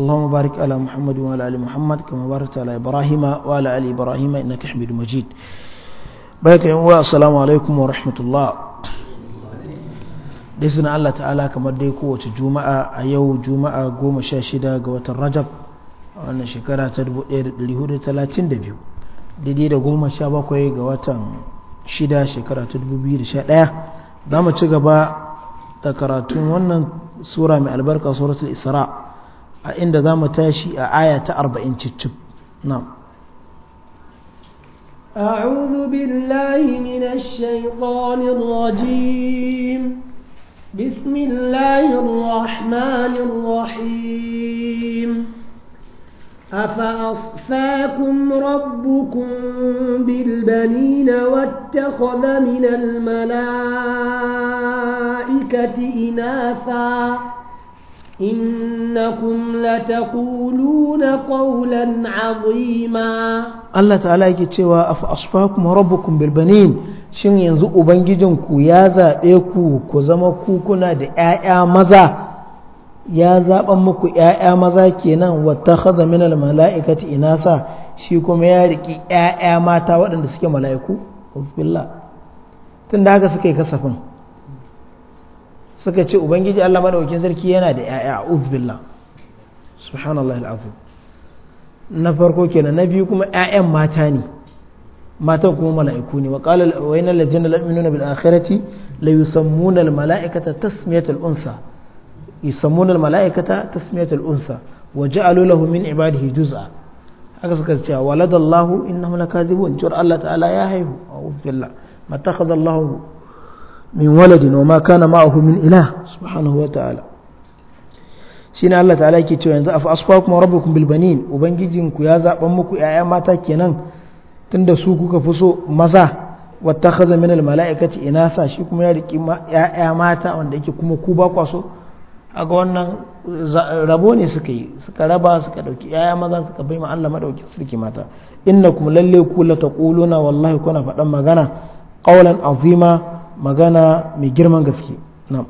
اللهم بارك على محمد وعلى ال محمد كما باركت على ابراهيم وعلى ال ابراهيم انك حميد مجيد بارك يا السلام عليكم ورحمه الله da izinin Allah ta'ala kamar dai kowace juma'a a yau juma'a goma sha shida ga watan rajab wannan shekara ta 1432 daidai da goma sha bakwai ga watan shida shekara ta 2011 za mu ci gaba da karatun wannan sura mai albarka suratul isra' a inda za mu tashi a aya ta 40 cicci na'am أعوذ بالله من الشيطان الرجيم بسم الله الرحمن الرحيم أفأصفاكم ربكم بالبنين واتخذ من الملائكة إناثاً إنكم لتقولون قولا عظيما الله تعالى yake cewa af asfakum rabbukum bil banin shin yanzu ubangijinku ya zabe ku ku zama kukuna da 'ya'ya maza ya zaban muku 'ya'ya maza kenan wattakhadha min al malaikati inasa shi kuma ya riƙi 'ya'ya mata waɗanda suke mala'iku billah tunda haka suka yi kasafin suka ce ubangiji Allah madaukakin sarki yana da yaya a billah subhanallahi alazim na farko kenan na biyu kuma yayan mata ne matan kuma mala'iku ne wa qala wa innal ladzina la bil akhirati la yusammuna al mala'ikata tasmiyatal unsa yusammuna al mala'ikata tasmiyatal unsa wa ja'alu lahu min ibadihi juz'a haka suka ce waladallahu innahu lakadhibun jur Allah ta'ala ya haihu a'udhu billah matakhadallahu min waladin wa ma kana ma'ahu min ilah subhanahu wa ta'ala shine Allah ta'ala yake cewa yanzu afa asfakum rabbukum bil banin ubangijinku ya zaban muku yaya mata kenan tunda su kuka fi so maza wattakhadha min al mala'ikati inasa shi kuma ya riki yaya mata wanda yake kuma ku ba kwaso aga wannan rabo ne suka yi suka raba suka dauki yaya maza suka bai ma Allah madauki sarki mata innakum lalle ku la taquluna wallahi kuna faɗan magana qawlan azima magana mai girman gaske nan.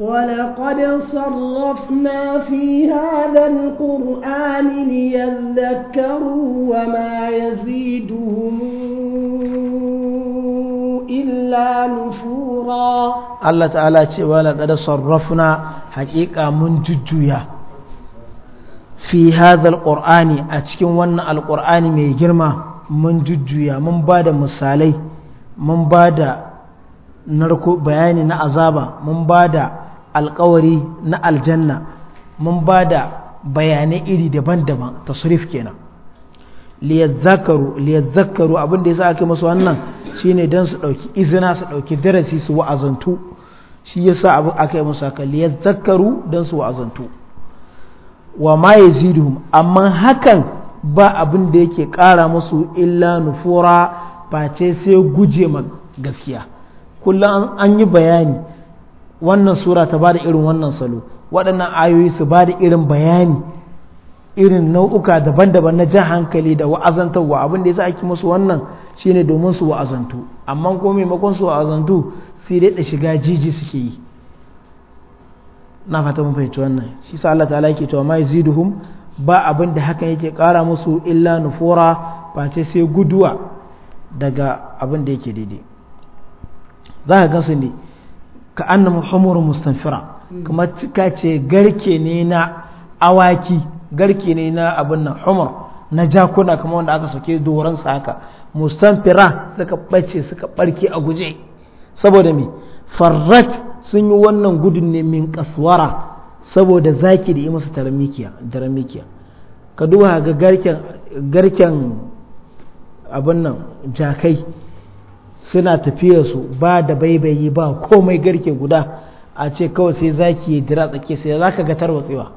Walaƙaɗa sarrafna fiha da Alƙur'ani yadda karuwa maye siɗi humna illa nufura. Allah Ta'ala ya ce walaƙaɗa sarrafna haƙiƙa mun jujjuya fiha da Alƙur'ani a cikin wannan Alƙur'ani mai girma mun jujjuya mun bada misalai. mun ba da narko bayani na azaba mun ba da alkawari na aljanna mun ba da bayanai iri daban-daban tasrif kenan liyazzakaru liyazzakaru abin da yasa ake masu wannan shine dan su dauki izina su dauki darasi su wa'azantu shi yasa abin aka yi musu haka liyazzakaru dan su wa'azantu wa ma yaziduhum amma hakan ba abin da yake kara musu illa nufura face sai guje ma gaskiya kullum an yi bayani wannan sura ta bada irin wannan salo waɗannan ayoyi su bada irin bayani irin nau'uka daban-daban na jan hankali da wa'azantarwa abin da sa ake musu wannan shine domin su wa'azantu amma ko maimakon su wa'azantu sai dai da shiga jiji suke yi na fata mun fahimci wannan shi sa Allah ta'ala yake cewa ma yaziduhum ba abin da hakan yake kara musu illa nufura face sai guduwa daga abin da yake daidai za ka gansu ne ka anna muhammadu mustanfira kuma cika ce garke ne na awaki garke ne na abin nan homer na jakuna kuma wanda aka soke doron sa haka mustanfira suka ɓace suka barke a guje saboda me farrat sun yi wannan gudun ne min kaswara saboda zaki da yi masa taramikiya ka duba ga garken abin nan jakai suna su ba da baibayi ba komai garke guda a ce kawai sai zaki ya dira tsake sai za ka ga tarwatsewa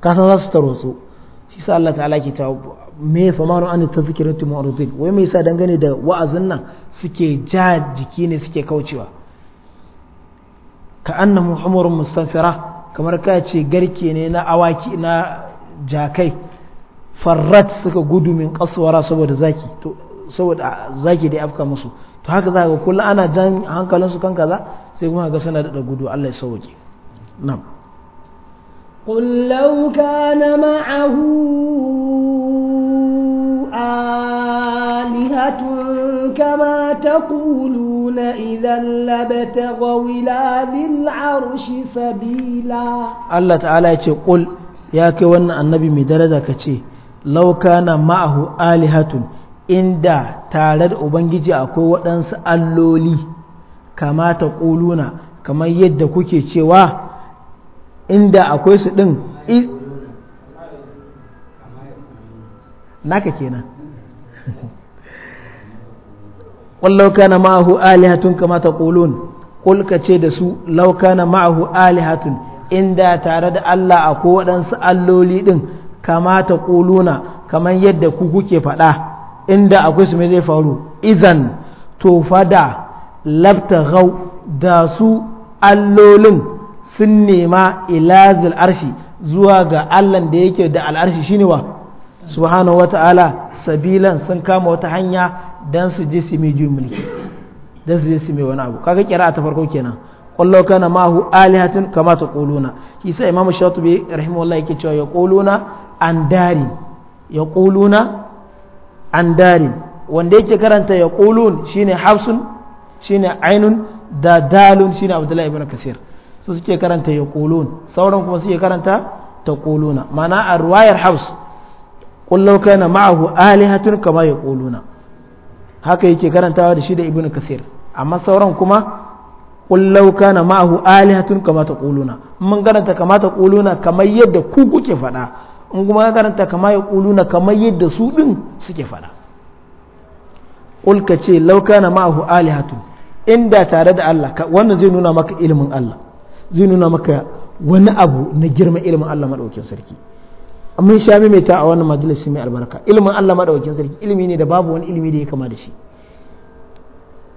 kasan za su tarwatsu shi sa Allah ta'ala ke ta me fa maru an ta zikirin tu wai me sa dangane da wa'azin nan suke ja jiki ne suke kaucewa ka annahu muhammadun mustanfira kamar ka ce garke ne na awaki na jakai farrat suka gudu min kaswara saboda zaki to saboda zaki da afka musu to haka za ga kullum ana jan hankalin su kan kaza sai kuma ga suna da gudu Allah ya sauke na'am قل لو كان معه آلهة كما تقولون إذا لابتغوا إلى ذي العرش سبيلا الله تعالى يقول ya kai wannan annabi mai daraja kace law kana ma'ahu alihatun inda tare da ubangiji akwai waɗansu alloli kama ta ƙuluna kamar yadda kuke cewa inda akwai su ɗin naka kenan ƙwallau kana ma'ahu alihatun kama ta ƙulun ƙulka ce da su laukana ma'ahu alihatun inda tare da Allah akwai waɗansu alloli ɗin kama ta kuluna kamar yadda ku kuke faɗa inda akwai su zai faru izan to fada gau da su allolin sun nema ilazil arshi zuwa ga allan da yake da al'arshi shine wa subhanahu ta'ala sabilan sun kama wata hanya dan su ji su mai juyin mulki dan su ji su mai wani abu kaga kira ta farko kenan kwallo kana mahu alihatun kama koluna shi sai imamu shatibi rahimahullah yake cewa ya koluna an dari ya ƙuluna an dari wanda yake karanta ya ƙulun shine hafsun shine ainun da dalun shine abdullahi ibn kasir su suke karanta ya ƙulun sauran kuma suke karanta ta ƙuluna mana a ruwayar hafs ƙullau kana ma'ahu alihatun kama ya ƙuluna haka yake karantawa da shi da ibn kasir amma sauran kuma ƙullau kana ma'ahu alihatun kama ta ƙuluna mun karanta kama ta ƙuluna kamar yadda ku kuke faɗa in kuma ka karanta kama ya na kamar yadda su ɗin suke faɗa ulka ce lauka na ma'ahu alihatu inda tare da Allah wannan zai nuna maka ilimin Allah zai nuna maka wani abu na girma ilimin Allah maɗaukin sarki mun sha ta a wannan majalisi mai albarka ilimin Allah maɗaukin sarki ilimi ne da babu wani ilimi da ya kama da shi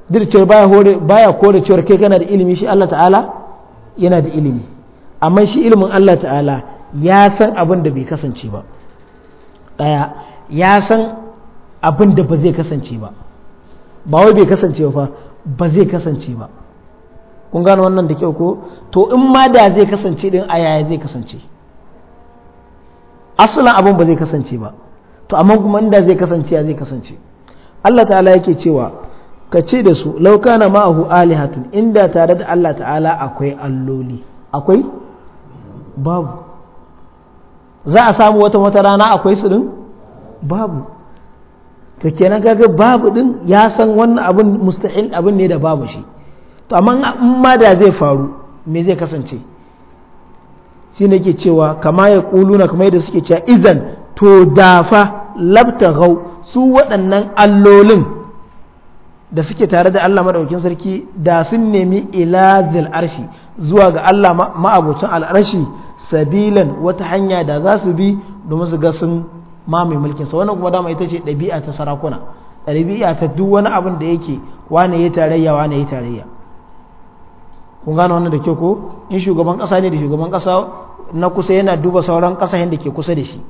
dirce baya hore baya kore cewa kai kana da ilimi shi Allah ta'ala yana da ilimi amma shi ilimin Allah ta'ala ya san abin da bai kasance ba ɗaya ya san abin da ba zai kasance ba ba wai bai kasance ba ba zai kasance ba kun gano wannan da kyau ko to in ma da zai kasance din a yaya zai kasance asalin abin ba zai kasance ba to amma kuma inda zai kasance ya zai kasance Allah ta'ala yake cewa ka ce da su laukana ma'ahu alihatun inda tare da Allah ta'ala akwai alloli akwai babu za a samu wata wata rana akwai su din babu to kenan kaga babu din ya san wannan abin mustahil abin ne da babu shi to amma in ma da zai faru me zai kasance shi ne ke cewa kama ya kuluna kama yadda suke cewa izan to dafa labta gau su waɗannan allolin da suke tare da Allah maɗaukin sarki da sun nemi ila arshi zuwa ga Allah ma'abucin al'arshi sabilan wata hanya da za su bi domin su ga sun mamaye mulkinsa wannan kuma dama ita ce ɗabi'a ta sarakuna ɗabi'a ta duk wani abin da yake wane ya tarayya wane ya tarayya kun gane wannan da kyau ko in shugaban ƙasa ne da shugaban ƙasa na kusa yana duba sauran ƙasashen da ke kusa da shi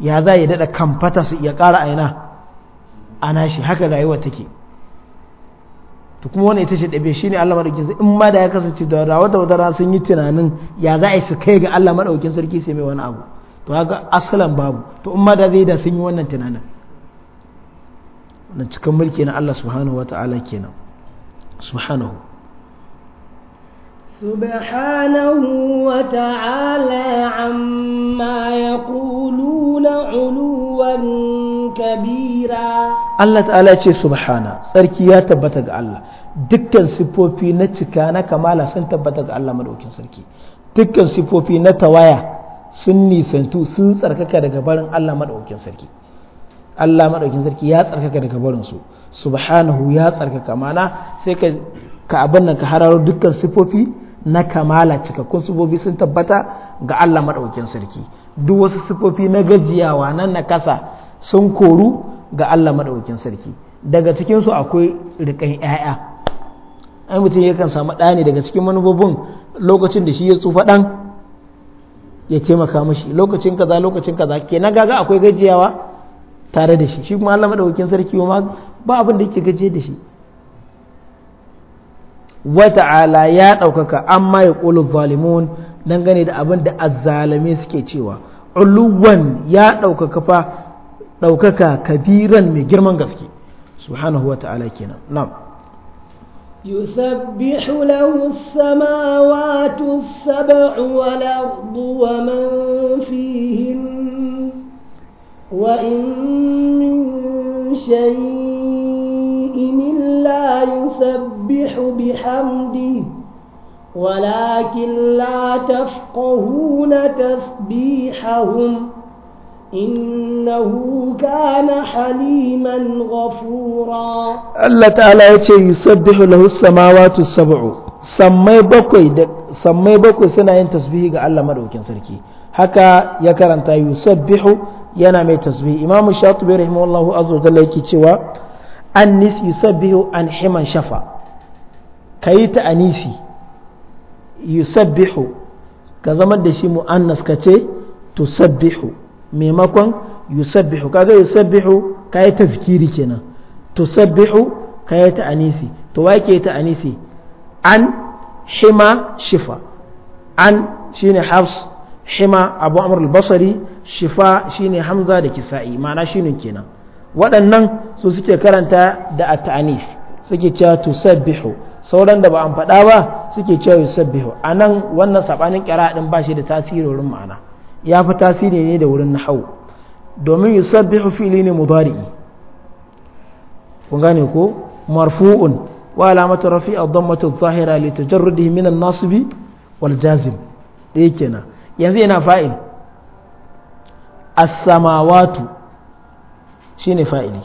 ya za ya daɗa kamfata su iya ƙara aina a nashi haka rayuwa take to kuma wani ita ce ɗabi'a ne Allah madaukakin sarki in ma da ya kasance da rawa da wadara sun yi tunanin ya za a su kai ga Allah maɗaukin sarki sai mai wani abu to haka asalan babu to in ma da zai da sun yi wannan tunanin na cikin mulki na Allah subhanahu wata'ala kenan subhanahu سبحانه وتعالى عما يقولون علوا Allah Ta'ala ya ce يقول سبحانه ya tabbata ga Allah dukkan sifofi na cika na kamala sun tabbata ga Allah madaukin sarki dukkan sifofi na tawaya sun nisantu sun tsarkaka daga barin Allah madaukin sarki Allah madaukin sarki ya tsarkaka daga barin su subhanahu ya tsarkaka mana sai ka ka abin nan ka hararo dukkan sifofi na kamala cika kun sifofi sun tabbata ga Allah madaukin sarki duk wasu sifofi na gajiyawa nan na kasa sun koru ga Allah maɗaukin sarki daga cikinsu akwai riƙan 'ya'ya ai mutum yakan samu ɗa ne daga cikin manubobin lokacin da shi ya tsufa ɗan ya taimaka mashi lokacin kaza lokacin kaza na gaga akwai gajiyawa tare da shi shi kuma Allah maɗaukin sarki ba abin da yake gaje da shi wata'ala ya ɗaukaka amma ya ƙulu zalimun dangane da abin da azzalame suke cewa uluwan ya ɗaukaka fa ɗaukaka kabiran mai girman gaske subhanahu wa ta'ala kenan na'am يسبح له السماوات السبع والأرض ومن فيهن وإن من شيء إلا يسبح بحمده ولكن لا تفقهون تسبيحهم innahu kana haliman ghafura Allah ta'ala ya ce yusabbihu lahu samawati sab'u sammai bakwai da sammai bakwai suna yin tasbihi ga Allah madaukin sarki haka ya karanta yusabbihu yana mai tasbihi imamu shatibi rahimahullahu azza wa jalla yake cewa annis yusabbihu an himan shafa kayi ta anisi yusabbihu ka zama da shi mu'annas ka ce tusabbihu maimakon yusabbihu kaga yusabbihu kai tafkiri kenan tusabbihu kai ta anisi to wake ta anisi an hima shifa an shine hafs hima abu amr al-basri shifa shine hamza da kisa'i ma'ana shine kenan waɗannan su suke karanta da at-ta'anis suke cewa tusabbihu sauran da ba an faɗa ba suke cewa yusabbihu anan wannan sabanin ƙyara din ba shi da tasiri ma'ana ya fi tasiri ne da wurin nahau domin yusabbihu fi'li ne mudari'i kun gane ko marfu'un wa alamatu rafi'a dhammatu adh li tajarrudihi min an nasibi wal jazim dai kenan yanzu yana fa'il as-samawatu shine fa'ili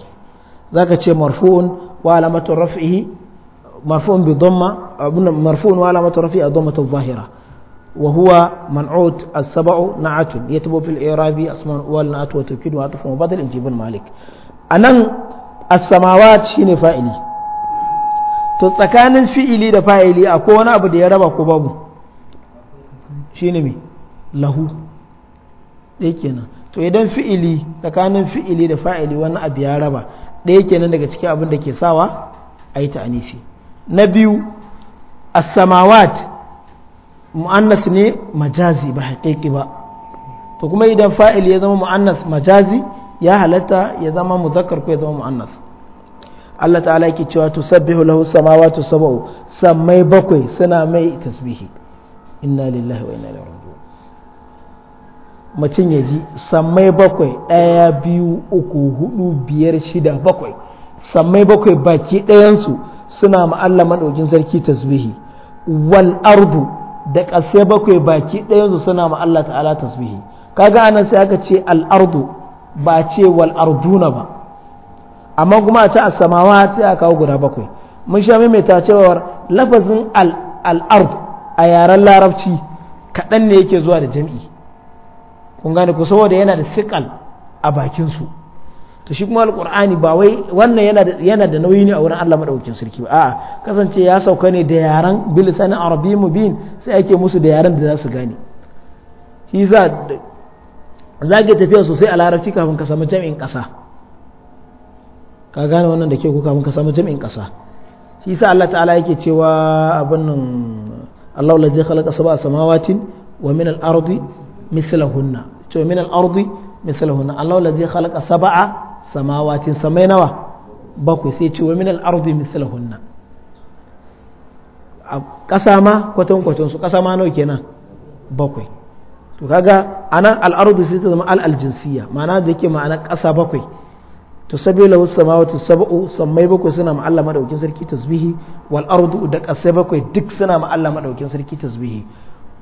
zaka ce marfu'un wa alamatu rafi'i marfu'un bi dhamma marfu'un wa alamatu dhammatu وهو منعوت السبع نعت يتبو في الإعراب أسماء أول نعت وتوكيد وعطف ومبادل إن جيبون مالك أنا السماوات شين فائلي تتكان الفئلي دفائلي أكون أبدا دي ربا شين مي له ɗaya kenan to idan fi'ili tsakanin fi'ili da fa'ili wani abu ya raba ɗaya kenan daga cikin abin da ke sawa a yi ta'anifi na biyu as-samawat mu'annas ne majazi ba haƙiƙi ba to kuma idan fa'il ya zama mu'annas majazi ya halatta ya zama muzakkar ko ya zama mu'annas Allah ta'ala yake cewa tusabbihu lahu samawati sab'u samai bakwai suna mai tasbihi inna lillahi wa inna ilaihi raji'un mutum ya ji samai bakwai ɗaya biyu uku hudu biyar shida bakwai samai bakwai baki ɗayansu suna ma Allah maɗaukin sarki tasbihi wal ardu da ƙasai bakwai baki ɗayansu suna ma Allah ta'ala tasbihi kaga anan sai aka ce al'ardu ba ce wal arduna ba amma kuma a ce a samawa sai a kawo guda bakwai mun sha maimaita cewar lafazin al'ard a yaren larabci kaɗan ne yake zuwa da jam'i kun gane ku saboda yana da siƙal a bakinsu to shi kuma alqur'ani ba wai wannan yana da yana da nauyi ne a wurin Allah madaukakin sarki ba a'a kasance ya sauka ne da yaran bilisan arabi mubin sai ake musu da yaran da za su gane shi za za ka tafiya sosai a larabci kafin ka samu jami'in kasa ka gane wannan da ke ku kafin ka samu jami'in kasa shi sa Allah ta'ala yake cewa abin nan Allah lazi khalaqa sab'a samawati wa min al-ardi mithlahunna to min al-ardi mithlahunna Allah lazi khalaqa sab'a samawatin samai nawa bakwai sai ce wa min al-ardi mislahunna a ƙasa ma kwatan su ƙasa ma nawa kenan bakwai to kaga anan al-ardu sai ta zama al-aljinsiyya ma'ana da yake ma'ana ƙasa bakwai to sabila wasu samawati sab'u sammai bakwai suna ma Allah madaukin sarki tasbihi wal ardu da ƙasai bakwai duk suna ma Allah madaukin sarki tasbihi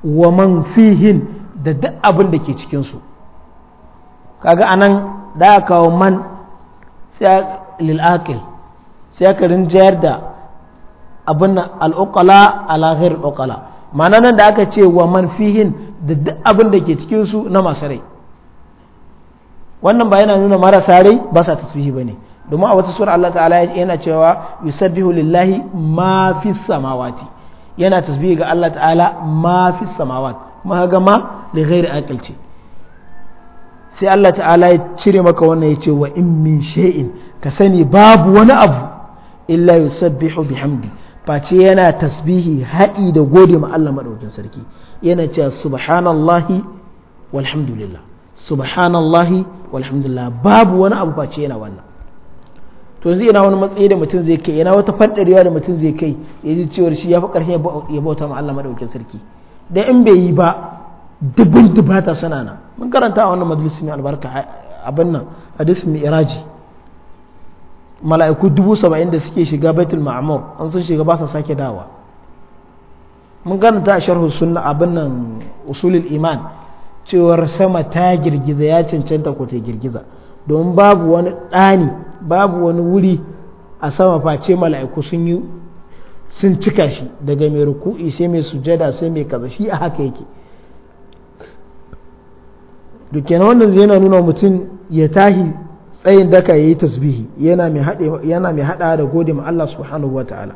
wa man fihin da duk abin da ke cikin su kaga anan da kawo man lil'aqil sai aka rinjayar da abin al'uqala ala ghair uqala ma'ana nan da aka ce wa man fihin da abin da ke cikin su na masu rai wannan ba yana nuna mara rai ba sa tasbihi ne domin a wata sura Allah ta'ala yana cewa yusabbihu lillahi ma fi samawati yana tasbihi ga Allah ta'ala ma fi samawat ma ga ma da ghairi aqil sai Allah ta'ala ya cire maka wannan ya ce wa in min shay'in ka sani babu wani abu illa yusabbihu bihamdi face yana tasbihi haɗi da gode ma Allah madaukin sarki yana cewa subhanallahi walhamdulillah subhanallahi walhamdulillah babu wani abu face yana wannan to yanzu yana wani matsayi da mutum zai kai yana wata farɗarewa da mutum zai kai ya ji cewar shi ya fi ƙarfi ya bauta ma Allah madaukin sarki da in bai yi ba dubin dubata suna nan mun karanta a wannan majalisi mai albarka abin nan mai iraji mala'iku dubu saba'in da suke shiga baitul ma'amur an sun shiga ba sa sake dawa mun karanta a sharhu sunna abin nan usulul iman cewar sama ta girgiza ya cancanta ko ta girgiza domin babu wani ɗani babu wani wuri a sama face mala'iku sun yi sun cika shi daga mai ruku'i sai mai sujada sai mai kaza shi a haka yake duk kenan wannan zai yana nuna mutum ya tahi tsayin daka ya yi tasbihi yana mai haɗa da gode ma Allah subhanahu wa ta'ala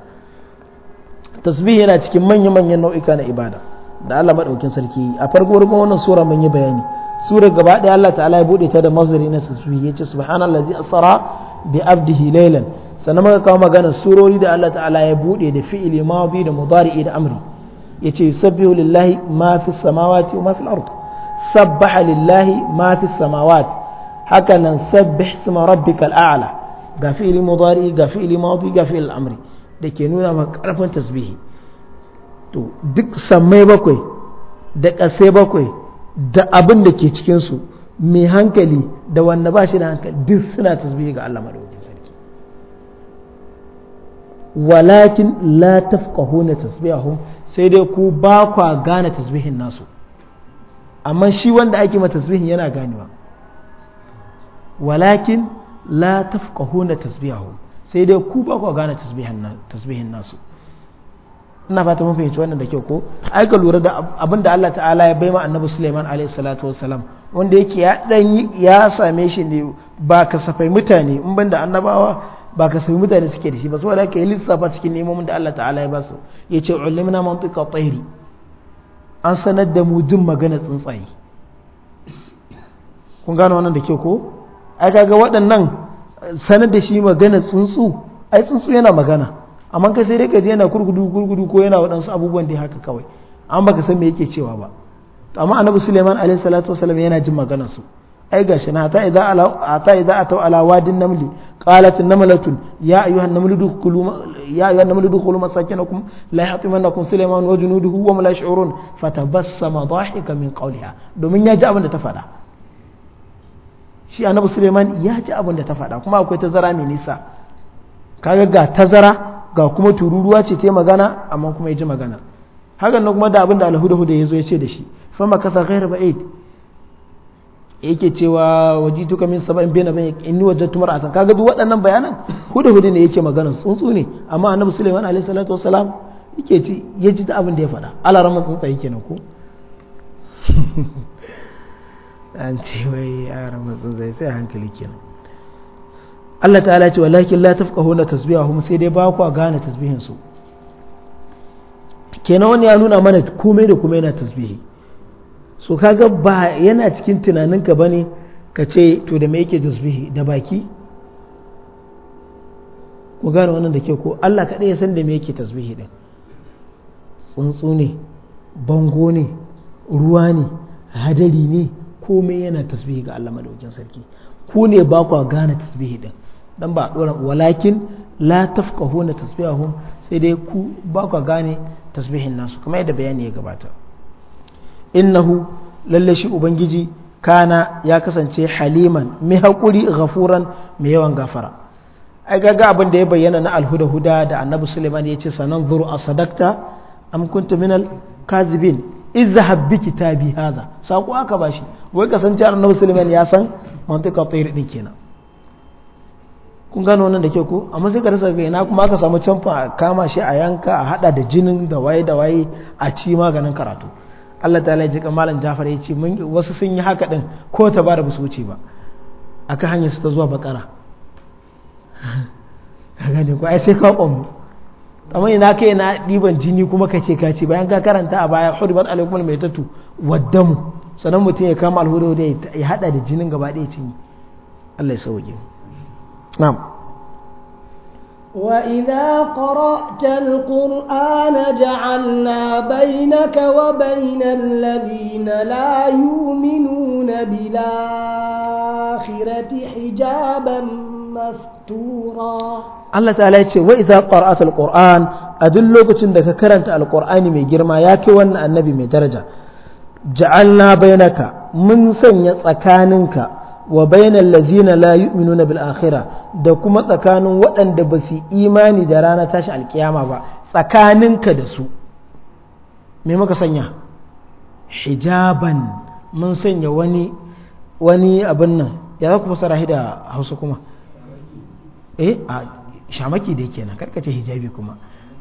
tasbihi yana cikin manya-manyan nau'ika na ibada da Allah maɗaukin sarki a farko rukun wannan sura mun yi bayani sura gaba ɗaya Allah ta'ala ya buɗe ta da mazari na tasbihi ya ce subhanallazi asara bi abdihi laylan sannan maka kawo magana surori da Allah ta'ala ya buɗe da fi'ili madi da mudari'i da amri yace yusabbihu lillahi ma fi samawati wa ma fil ardh سبح lillahi ma fi السماوات هكذا نسبح sabbih ربك الأعلى a'la ga fi'li لماضي ga fi'li لكي ga fi'li amri da ke nuna ma دك tasbihi بكوي duk أبن bakwai da ƙasai bakwai da ke hankali da wanda ba shi da hankali duk suna tasbihi ga Allah sarki walakin la tafqahuna tasbihahum sai dai ku ba kwa gane tasbihin nasu amma shi wanda ake ma tasbihin yana ganewa walakin la tafqahuna tasbihahu sai dai ku ba ku gane tasbihin nasu ina fata mun fahimci wannan da kyau ko ai ka lura da abinda Allah ta'ala ya baima annabi Sulaiman alaihi salatu wassalam wanda yake ya dan ya same shi ne ba kasafai mutane in banda annabawa ba kasafai mutane suke da shi ba saboda haka ya lissafa cikin nemomin da Allah ta'ala ya ba su yace ulimna mantiqa tayri an sanar da mu jin magana tsuntsaye kun gano wannan da ke ko ai kaga waɗannan eh, sanar da shi magana tsuntsu ai tsuntsu yana magana amma ka sai dai ka je yana kurgudu gurgudu ko yana waɗansu abubuwan da haka kawai an baka san me yake cewa ba amma annabi suleiman alaihi salatu wasallam yana jin maganar su ai gashi na ta idza ala ata idza ata ala wadin namli qalat namlatun ya ayuha namlu dukulu ya ayuha namlu dukulu masakinakum la yatimannakum sulaiman wa junuduhu wa la yash'urun fatabassama dahika min qawliha domin ya ji abin da ta faɗa shi annabi sulaiman ya ji abin da ta faɗa kuma akwai tazara mai nisa kaga ga tazara ga kuma tururuwa ce ta magana amma kuma ya ji magana hakan kuma da abin da alhuda ya zo ya ce da shi fa makasa ghairu ba'id yake cewa waji tuka min saba'in bin abin inni wajadtu mar'atan kaga duk waɗannan bayanan hudu hudu ne yake magana tsuntsu ne amma annabi Sulaiman alaihi salatu wassalam yake ci ya ji da abin da ya faɗa ala raman tsuntsa yake nan ko an ce wai ya raman tsuntsa sai hankali kenan Allah ta'ala ce walakin la tafqahuna tasbihahum sai dai ba ku gane tasbihin su kenan wani ya nuna mana komai da komai na tasbihi so kaga ba yana cikin tunaninka bane ka ce to da me yake tasbihi da baki ku gane wannan da ke ko Allah kaɗai ya san da me yake tasbihi din tsuntsu ne bango ne ruwa ne hadari ne komai yana tasbihi ga Allah madaukin sarki ku ne ba ku gane tasbihi din dan ba dora walakin la tafqahuna tasbihahum sai dai ku ba ku gane tasbihin nasu kamar yadda bayani ya gabata innahu lalle shi ubangiji kana ya kasance haliman mai haƙuri ghafuran mai yawan gafara ai gaga abin da ya bayyana na alhuda huda da annabi suleiman ya ce sanan zuru a sadakta am kuntu minal kazibin izhab bi kitabi hadha sako aka bashi wai kasance annabi suleiman ya san mantika tsayir din kenan kun gano wannan da ke ko amma sai ka rasa ga ina kuma aka samu canfa a kama shi a yanka a hada da jinin da waye da waye a ci maganin karatu Allah Ta ya ji malam Jafar ya ce wasu sun yi haka din ko ta da su wuce ba aka hanyar su ta zuwa bakara ka gane ko ai sai ka kwamu amma ina kai na diban jini kuma ka ce ka ce bayan ka karanta a baya hurmat alaikum tatu waddamu sanan mutum ya kama alhudu da ya hada da jinin gaba ɗaya cinye Allah ya sauke na'am وإذا قرأت القرآن جعلنا بينك وبين الذين لا يؤمنون بالآخرة حجابا مستورا Allah ta'ala ya ce wa idza qara'ata alquran a duk lokacin da ka karanta alƙur'ani mai girma ya kai wannan annabi mai daraja ja'alna bainaka mun sanya tsakaninka wa bainal ladzina la yu'minuna bil akhirah da kuma tsakanin waɗanda ba su imani da rana tashi alkiyama ba tsakaninka da su me muka sanya hijaban mun sanya wani wani abin nan ya za ku fasara shi da hausa kuma eh a shamaki da yake nan karkace hijabi kuma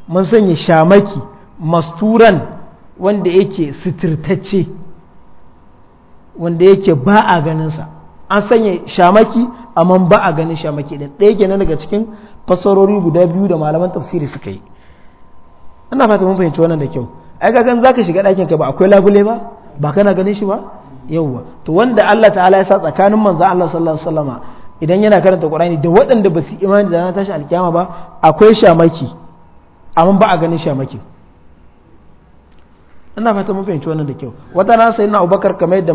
mun sanya shamaki masturan wanda yake sitirtacce wanda yake ba a ganinsa an sanya shamaki amma ba a ganin shamaki ɗin ɗaya kenan daga cikin fassarori guda biyu da malaman tafsiri suka yi ina fata mun fahimci wannan da kyau ai ga kan zaka shiga ɗakin ka ba akwai labule ba ba kana ganin shi ba yawwa to wanda Allah ta'ala ya sa tsakanin manzo Allah sallallahu alaihi wasallama idan yana karanta Qur'ani da waɗanda ba su imani da ranar tashi alkiyama ba akwai shamaki amma ba a ganin shamaki ina fata mun fahimci wannan da kyau wata na sayyidina Abubakar kamar yadda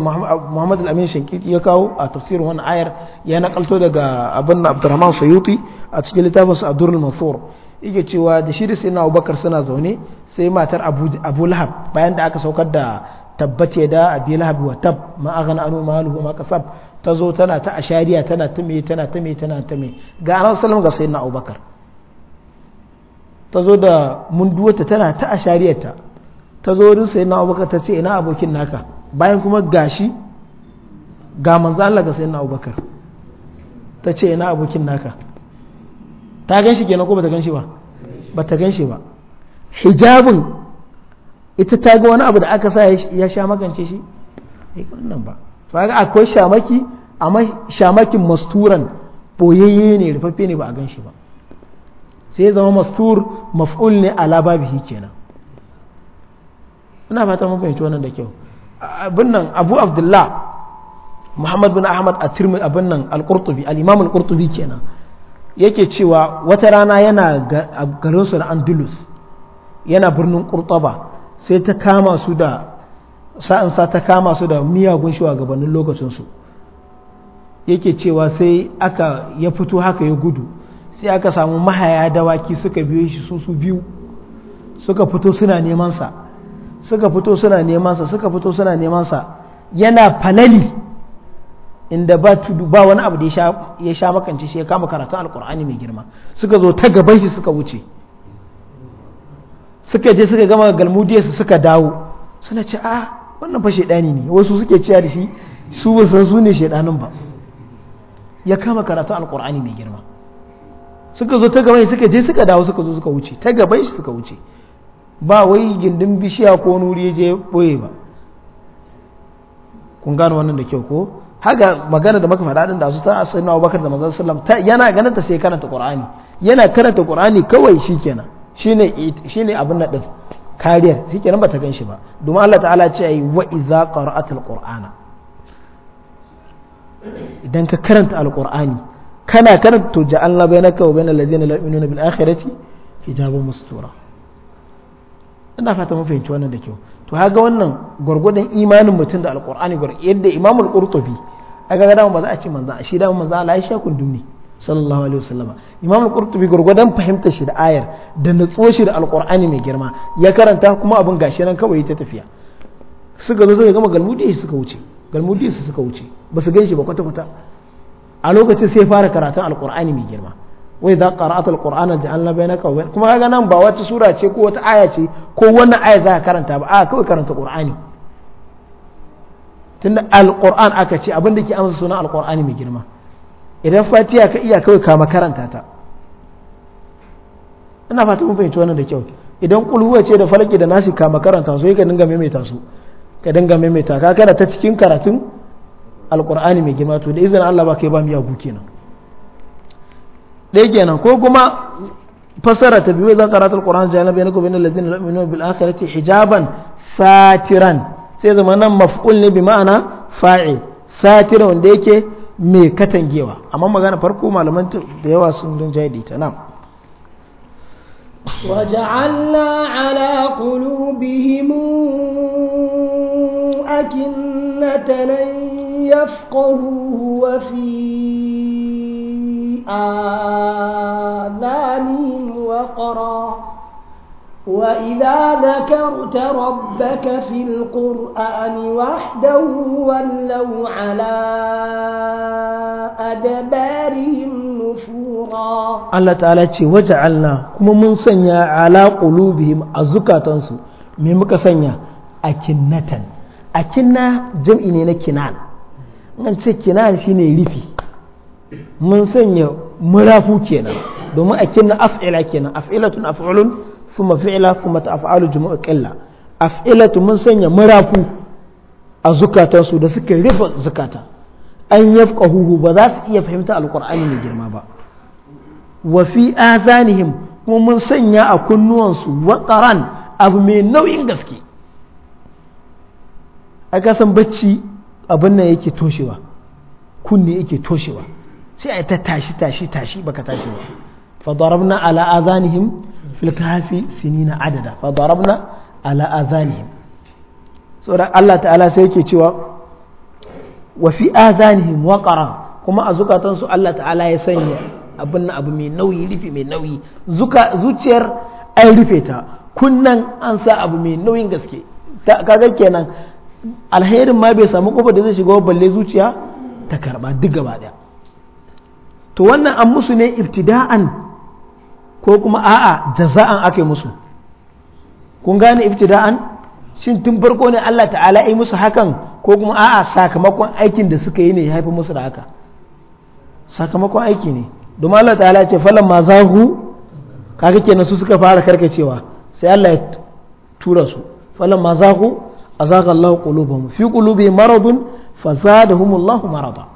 Muhammad al-Amin ya kawo a tafsirin wannan ayar ya nakalto daga abin Abdurrahman Sayuti a cikin littafinsa Abdurul Mansur yake cewa da shi da sayyidina Abubakar suna zaune sai matar Abu Lahab bayan da aka saukar da tabbace da Abi Lahab wa tab ma aghna anhu maluhu ma kasab ta zo tana ta ashariya tana ta me tana ta me tana ta me ga Annabi sallallahu ga sai sayyidina Abubakar ta zo da munduwata tana ta ashariyarta ta zo wurin sai na abubakar ta ce ina abokin naka bayan kuma gashi ga manzo Allah ga sai na abubakar ta ce ina abokin naka ta gan shi kenan ko ba ta gan shi ba ba ta gan shi ba hijabin ita ta ga wani abu da aka sa ya sha magance shi wannan ba to ga akwai shamaki amma shamakin masturan boyayye ne rufaffe ne ba a gan shi ba sai zama mastur maf'ul ne ala babihi kenan ina fata mun fahimci wannan da kyau abin nan abu abdullah muhammad bin ahmad a tirmi abin nan al-qurtubi al-imam al-qurtubi kenan yake cewa wata rana yana garin su na andalus yana birnin qurtuba sai ta kama su da sa'an sa ta kama su da miyagun gabanin lokacin su yake cewa sai aka ya fito haka ya gudu sai aka samu mahaya dawaki suka biyo shi su su biyu suka fito suna neman sa suka fito suna neman sa suka fito suna neman sa yana falali inda ba tudu ba wani abu da ya sha makanci shi ya kama karatu alkur'ani mai girma suka zo ta gaban shi suka wuce suka je suka gama galmudiya su suka dawo suna ce a ah, wannan fa shaidani ne wasu suke ciya da shi su ba san su ne shaidanin ba ya kama karatu alkur'ani mai girma suka zo ta gaban shi suka je suka dawo suka zo suka wuce ta gaban shi suka wuce ba wai gindin bishiya ko nuri ya je boye ba kun gano wannan da kyau ko Haga magana da maka faɗa din da su ta sayyidina Abubakar da manzon sallam yana ganin ta sai karanta Qur'ani yana karanta Qur'ani kawai shikenan shine shine abin nan kariyar shikenan bata ganshi ba domin Allah ta'ala ce ai wa idza qara'atal qur'ana idan ka karanta alqur'ani kana karanta to ja'alna bainaka wa bainal ladzina la yu'minuna bil akhirati hijaban mastura ina fata mun fahimci wannan da kyau to haga wannan gwargwadon imanin mutum da alqur'ani gwar yadda imamu al-qurtubi aga ga dama ba za a ce manzo shi dama manzo Allah ya sha kundum dunni sallallahu alaihi wasallama imamu al-qurtubi gwargwadon fahimta shi da ayar da natso shi da alqur'ani mai girma ya karanta kuma abin gashi nan kawai ta tafiya suka zo suka gama galmudi suka wuce galmudi su suka wuce ba su ganshi ba kwata kwata a lokacin sai fara karatun alqur'ani mai girma wai za qara'ata alqur'ana ja'alna bainaka wa kuma kaga nan ba wata sura ce ko wata aya ce ko wannan aya za ka karanta ba a kawai karanta qur'ani tunda alqur'an aka ce abin da ke amsa sunan alqur'ani mai girma idan fatiha ka iya kawai kama karanta ta ina fata mun fahimci wannan da kyau idan kulhuwa ce da falaki da nasi kama karanta su ka dinga maimaita su ka dinga maimaita ka kana ta cikin karatun alqur'ani mai girma to da izinin Allah ba kai ba mu yagu kenan ɗaya kenan ko kuma fasara ta biyu zan karatu alquran jana bayan na bainal ladina yu'minu bil akhirati hijaban satiran sai zama nan maf'ul ne bi ma'ana fa'il satiran wanda yake mai katangewa amma magana farko malaman da yawa sun dun jaidi ta nan وجعلنا على قلوبهم أكنة أن يفقهوه وفي آذانهم وقرا وإذا ذكرت ربك في القرآن وحده ولوا على أدبارهم نفورا الله تعالى وجعلنا كما من سنيا على قلوبهم أزكاة مما سنيا أكنة أكنة جمع إلينا كنان an ce kinan shine rufi mun sanya murafu kenan domin a kinna af'ila kenan af'ilatun af'ulun thumma fi'la thumma ta'falu jumu'u qilla af'ilatu mun sanya murafu a su da suka rufe zukata an yafqahuhu ba za su iya fahimta alqur'ani ne girma ba wa fi azanihim kuma mun sanya a kunnuwansu waqaran abu mai nau'in gaske aka san bacci abin nan yake toshewa kunne yake toshewa sai a ta tashi tashi tashi baka tashi ba fadarabna ala azanihim fil kafi sinina adada fadarabna ala azanihim saboda Allah ta'ala sai yake cewa wa fi azanihim qara kuma a zukatan su Allah ta'ala ya sanya abin nan abu mai nauyi rufe mai nauyi zuka zuciyar an rufe ta kunnan an sa abu mai nauyin gaske kaga kenan alherin ma bai samu kofar da zai shiga balle zuciya ta karba duk gaba daya to wannan an musu ne ibtida'an ko kuma a'a jaza'an ake musu kun gane iftida'an shin tun farko ne Allah ta'ala yi musu hakan ko kuma a'a sakamakon aikin da suka yi ne ya haifi musu da haka sakamakon aiki ne domin Allah ta'ala ce falan ma zahu kaga kenan su suka fara karkacewa sai Allah ya tura su falan ma zahu azaga Allah qulubahum fi qulubi maradun fazadahum Allah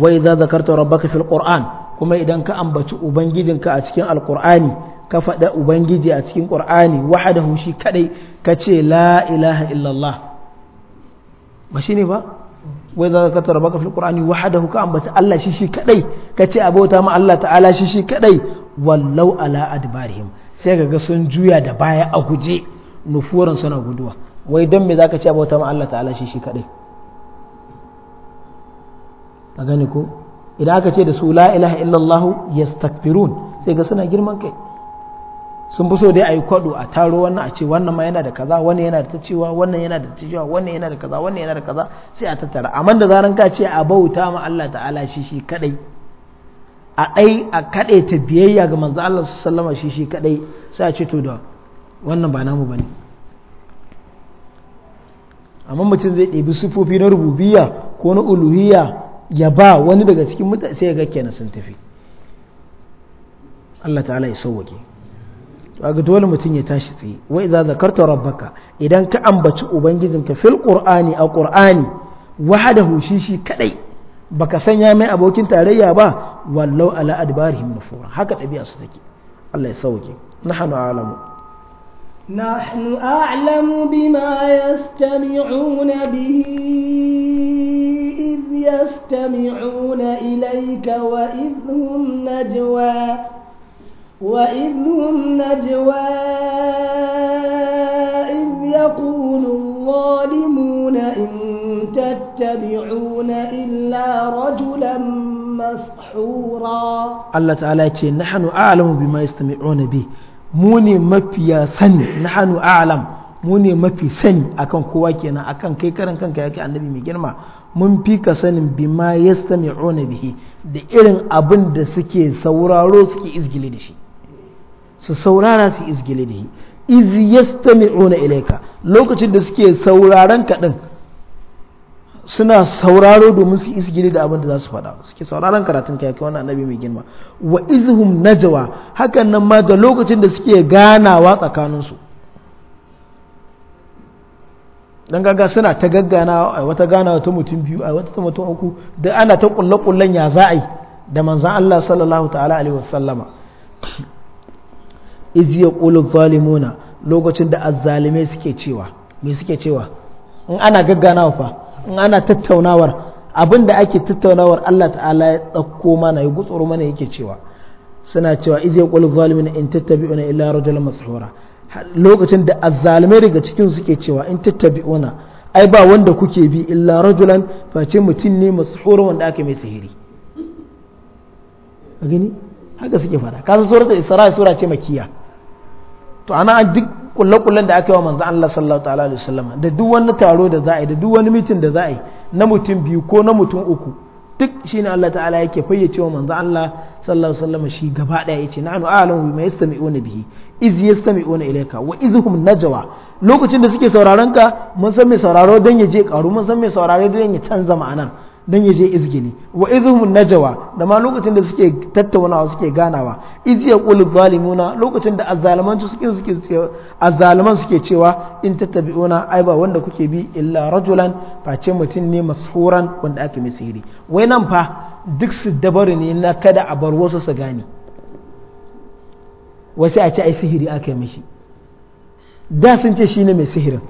wai za zakarta rabbaka fil qur'an kuma idan ka ambaci ubangijinka a cikin alqur'ani ka faɗa ubangiji a cikin qur'ani wahadahu shi kadai ka ce la ilaha illallah ba shine ba wai za zakarta rabbaka fil qur'ani wahadahu ka ambaci Allah shi shi ka ga sun juya da baya a guje nufuran suna guduwa wai don me zaka ce a gani ko idan aka ce da su la ilaha illallah yastakbirun sai ga suna girman kai sun fi so dai a yi kwado a taro wannan a ce wannan ma yana da kaza wannan yana da ta cewa wannan yana da ta cewa wannan yana da kaza wannan yana da kaza sai a tattara amma da zaran ka ce a bauta ma Allah ta'ala shi shi kadai a dai a kadai ta biyayya ga manzo Allah sallallahu alaihi wasallam shi shi kadai sai a ce to da wannan ba namu bane amma mutum zai ɗebi sufofi na rububiyya ko na uluhiyya ya ba wani daga cikin mutane sai ya ga kenan sun tafi Allah ta'ala ya sauwake ga dole mutum ya tashi tsaye wa idza zakarta rabbaka idan ka ambaci ubangijinka fil qur'ani a qur'ani wahdahu shi shi kadai baka sanya mai abokin tarayya ba wallau ala adbarihim nufura haka dabi'a su take Allah ya sauke nahnu a'lamu nahnu a'lamu bima yastami'una bihi إذ يستمعون إليك وإذ هم نجوى وإذ هم نجوى إذ يقول الظالمون إن تتبعون إلا رجلا مسحورا الله تعالى يقول نحن أعلم بما يستمعون به موني مفيا سن نحن أعلم mu ne mafi sani akan kowa kenan akan kai karan kanka yake annabi mai girma mun fi ka sanin bima na bihi da irin abin da suke sauraro suke izgile da shi su saurara su izgile da shi iz na ilaika lokacin da suke sauraron ka din suna sauraro domin su izgile da abin da za su faɗa suke sauraron karatun kai kai wannan annabi mai girma wa izhum najwa hakan nan ma da lokacin da suke ganawa tsakaninsu su dan gaga suna ta gaggana a wata gana ta mutum biyu a wata ta mutum uku da ana ta kulle kullen ya za a yi da manzan Allah sallallahu ta'ala alaihi wasallama ya kulu zalimuna lokacin da azzalimai suke cewa me suke cewa in ana gagganawa fa in ana tattaunawar abin da ake tattaunawar Allah ta'ala ya dauko mana ya gutsuro mana yake cewa suna cewa ya kulu zalimuna in tattabi'una illa rajulan mashura lokacin da azzalumai daga cikin suke cewa in tattabi'una ai ba wanda kuke bi illa rajulan face mutum ne mashuhur wanda aka mai sihiri a gani haka suke fada kasan suratul isra sura ce makiya to ana an duk kullakullan da aka yi wa manzo Allah sallallahu ta'ala alaihi wasallam da duk wani taro da za a yi da duk wani mitin da za a yi na mutum biyu ko na mutum uku duk shine Allah ta'ala yake fayyace wa manzo Allah sallallahu alaihi wasallam shi gaba daya yace na'anu a'lamu bima yastami'una bihi iz yastami'una ilayka wa na najwa lokacin da suke sauraron ka mun san mai sauraro dan ya je karu mun san mai sauraro dan ya canza ma'anar dan ya je izgili wa izhum najwa da ma lokacin da suke tattaunawa suke ganawa iz yaqulu zalimuna lokacin da azzaliman suke suke cewa in tattabi'una ai ba wanda kuke bi illa rajulan face mutum ne mashuran wanda ake misiri wai nan fa duk su dabari ne na kada a bar wasu su gani. wasu a ci ai sihiri aka yi mishi da sun ce shine mai sihirin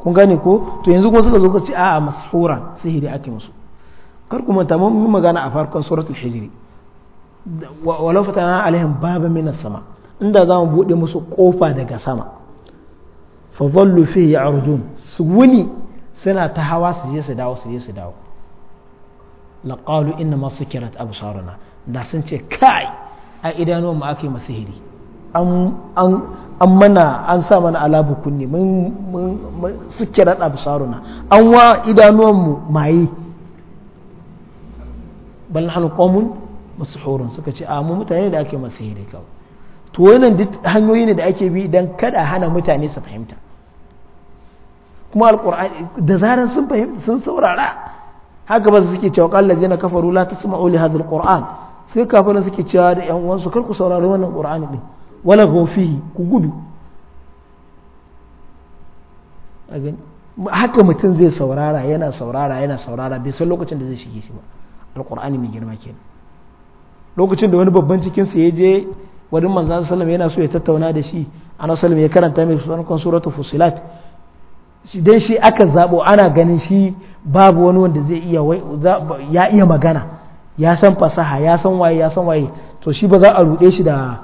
kun gane ko to yanzu kuma suka zo ka ci a'a mashura sihiri ake musu kar kuma ta mun magana a farkon suratul hijri walau fatana alaihim baba mina sama inda za mu buɗe musu kofa daga sama fa ya fihi yarjun su wuni suna ta hawa su je su dawo su je su dawo laqalu inna ma sukirat absaruna da sun ce kai a idanuwan mu ake yi an sa mana alabu kunne mun suke raɗa bisaruna an wa idanuwan mu maye bal nahnu qawmun suka ce a mu mutane da ake masa kawai to wannan duk hanyoyi ne da ake bi dan kada hana mutane su fahimta kuma alqur'ani da zaran sun fahimta sun saurara haka ba su suke cewa qallazina kafaru la tasma'u li hadha alqur'an sai kafin suke cewa da yan uwansu kar ku saurari wannan qur'ani din wala fihi ku gudu haka mutum zai saurara yana saurara yana saurara bai san lokacin da zai shige shi ba alqur'ani mai girma kenan lokacin da wani babban cikin sa je wani manzon sallam yana so ya tattauna da shi ana sallam ya karanta mai sunan suratu fusilat shi dai shi aka zabo ana ganin shi babu wani wanda zai iya ya iya magana ya san fasaha ya san waye ya san waye to shi ba za a ruɗe shi da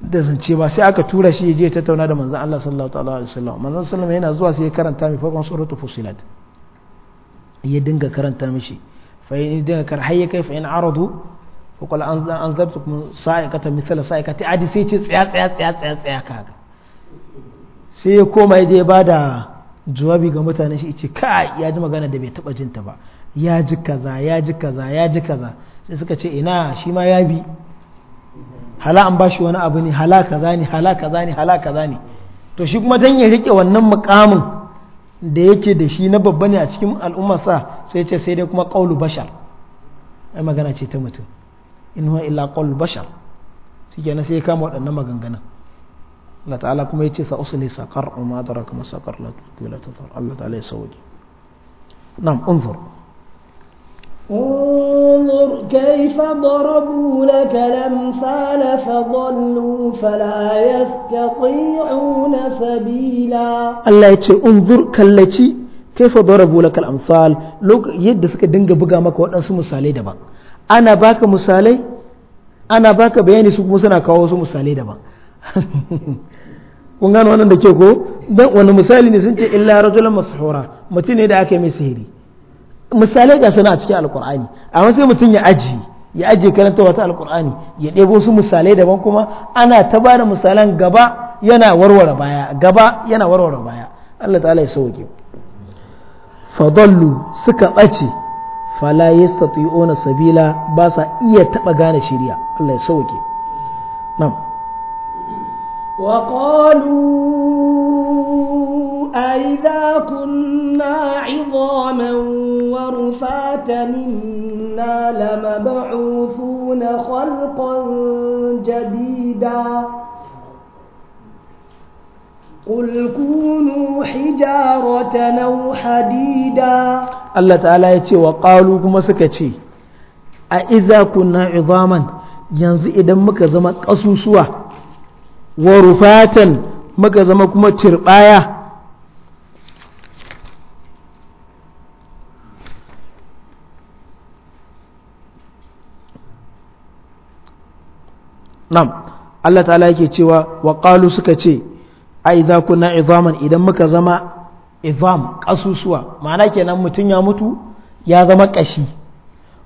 da zance ba sai aka tura shi ya je tattauna da manzon Allah sallallahu alaihi wasallam manzon sallallahu yana zuwa sai ya karanta mai farkon suratul fusilat ya dinga karanta mishi fa in dinga kar hayya kai fa in aradu fa qul anzartukum sa'iqata mithla sa'iqati adi sai ce tsaya tsaya tsaya tsaya tsaya kaga sai ya koma ya je ya bada jawabi ga mutane shi ce kai ya ji magana da bai taba jinta ba ya ji kaza ya ji kaza ya ji kaza sai suka ce ina shi ma ya bi hala an bashi wani abu ne hala kaza ne hala kaza ne hala kaza ne to shi kuma dan ya rike wannan mukamin da yake da shi na babba ne a cikin sa sai ce sai dai kuma qaulu bashar ai magana ce ta mutum in huwa illa qaulu bashar na sai ya kama waɗannan maganganun Allah ta'ala kuma yace sa usli saqar umadara kuma saqar la la tadhar Allah ta'ala ya sauke nam unzur انظر كيف ضربوا لك الأمثال فضلوا فلا يستطيعون سبيلا الله يتشي انظر كالتي كيف ضربوا لك الامثال لو يد سكا دنجا بغا مكا ودان سو مسالي دبا انا باك مسالي انا باك بياني سو كوما سنا مسنا سو مسالي دبا كون غانو wannan da ke ko dan wani misali ne sun ce illa rajulan mashura mutune da ake mai sihiri misalai ga suna a cikin alkur'ani amma sai mutum ya aji ya aji karanta wata alkur'ani ya ɗebo su misalai daban kuma ana ta ba da misalan gaba yana warware baya gaba yana warware baya Allah ta'ala ya sauke fadallu suka ɓace fala yastati'una sabila ba sa iya taɓa gane shirya Allah ya sauke na'am أَإِذَا كُنَّا عِظَامًا وَرُفَاتًا إِنَّا لَمَبْعُوثُونَ خَلْقًا جَدِيدًا قل كونوا حجارة أو حديدا الله تعالى يتي وقالوا كما سكتي أئذا كنا عظاما ينزي إذا مكا زما قصوصوا ورفاتا مكا زما كما تربايا nam Allah ta'ala yake cewa wa qalu suka ce za ku na izaman idan muka zama izam ƙasusuwa ma'ana kenan mutum ya mutu ya zama ƙashi.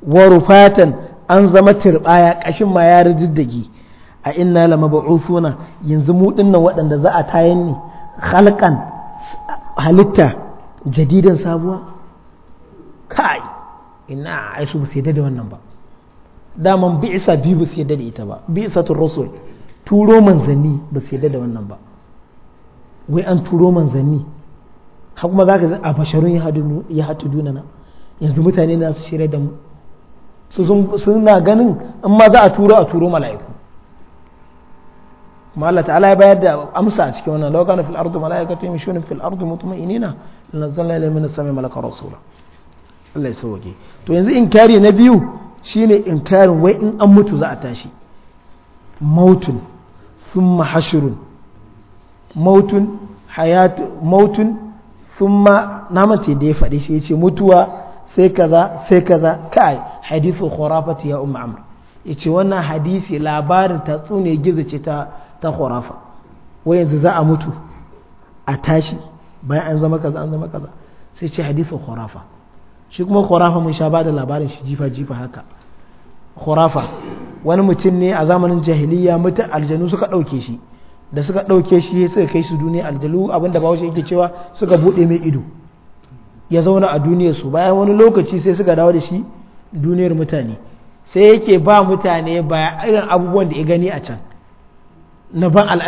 wa rufatan an zama tirɓaya ƙashin ma ya riddigi a inna lamab'uthuna yanzu mu dinnan waɗanda za a tayin ne khalqan halitta jadidan sabuwa kai ina ai su sai da wannan ba daman isa biyu ba su yadda da ita ba bi bi'isatun rasul turo manzanni ba su yadda da wannan ba wai an turo manzanni ha kuma zaka a basharun ya hatu dunana yanzu mutane na su shirya da mu su suna ganin in ma za a turo a turo mala'iku kuma Allah ta'ala ya bayar da amsa a cikin wannan lokacin fil ardu mala'ikatu yamshuna fil ardu mutma'inina lanzalna ilayhim min as-sama'i malaka rasula Allah ya sauke to yanzu in kare na biyu shine inkarin wai in an mutu za a tashi mautun sun mahashirun mautun hayatu mautun ma namace da ya faɗi shi ce mutuwa sai kaza sai kaza kai hadithu khurafati ya umma ya ce wannan hadisi labarin ta tsune gizace ta ta khurafa wai yanzu za a mutu a tashi bayan an zama kaza an zama kaza sai ce hadithu khurafa shi kuma khurafa mun sha ba da labarin shi jifa jifa haka khurafa wani mutum ne a zamanin jahiliya mutu aljanu suka ɗauke shi da suka ɗauke shi suka kai su duniya aljanu abinda ba yake cewa suka buɗe mai ido ya zauna a duniyar su bayan wani lokaci sai suka dawo da shi duniyar mutane sai yake ba mutane ba irin abubuwan da ya gani a can na ban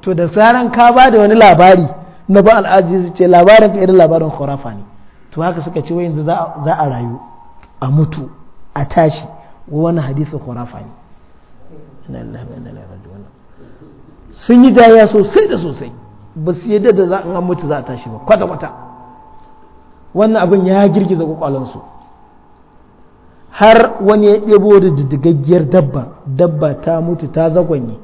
to da zaran ka ba da wani labari na ban al'ajabi ce labarin ka irin labarin khurafa ne to haka suka ce yanzu za a rayu a mutu a tashi wani hadisi khurafa ne sun yi jaya sosai da sosai ba su yadda da za a mutu za a tashi ba kwata-kwata wannan abin ya girgiza kwakwalansu har wani ya ɗebo da diddigaggiyar dabba dabba ta mutu ta zagonye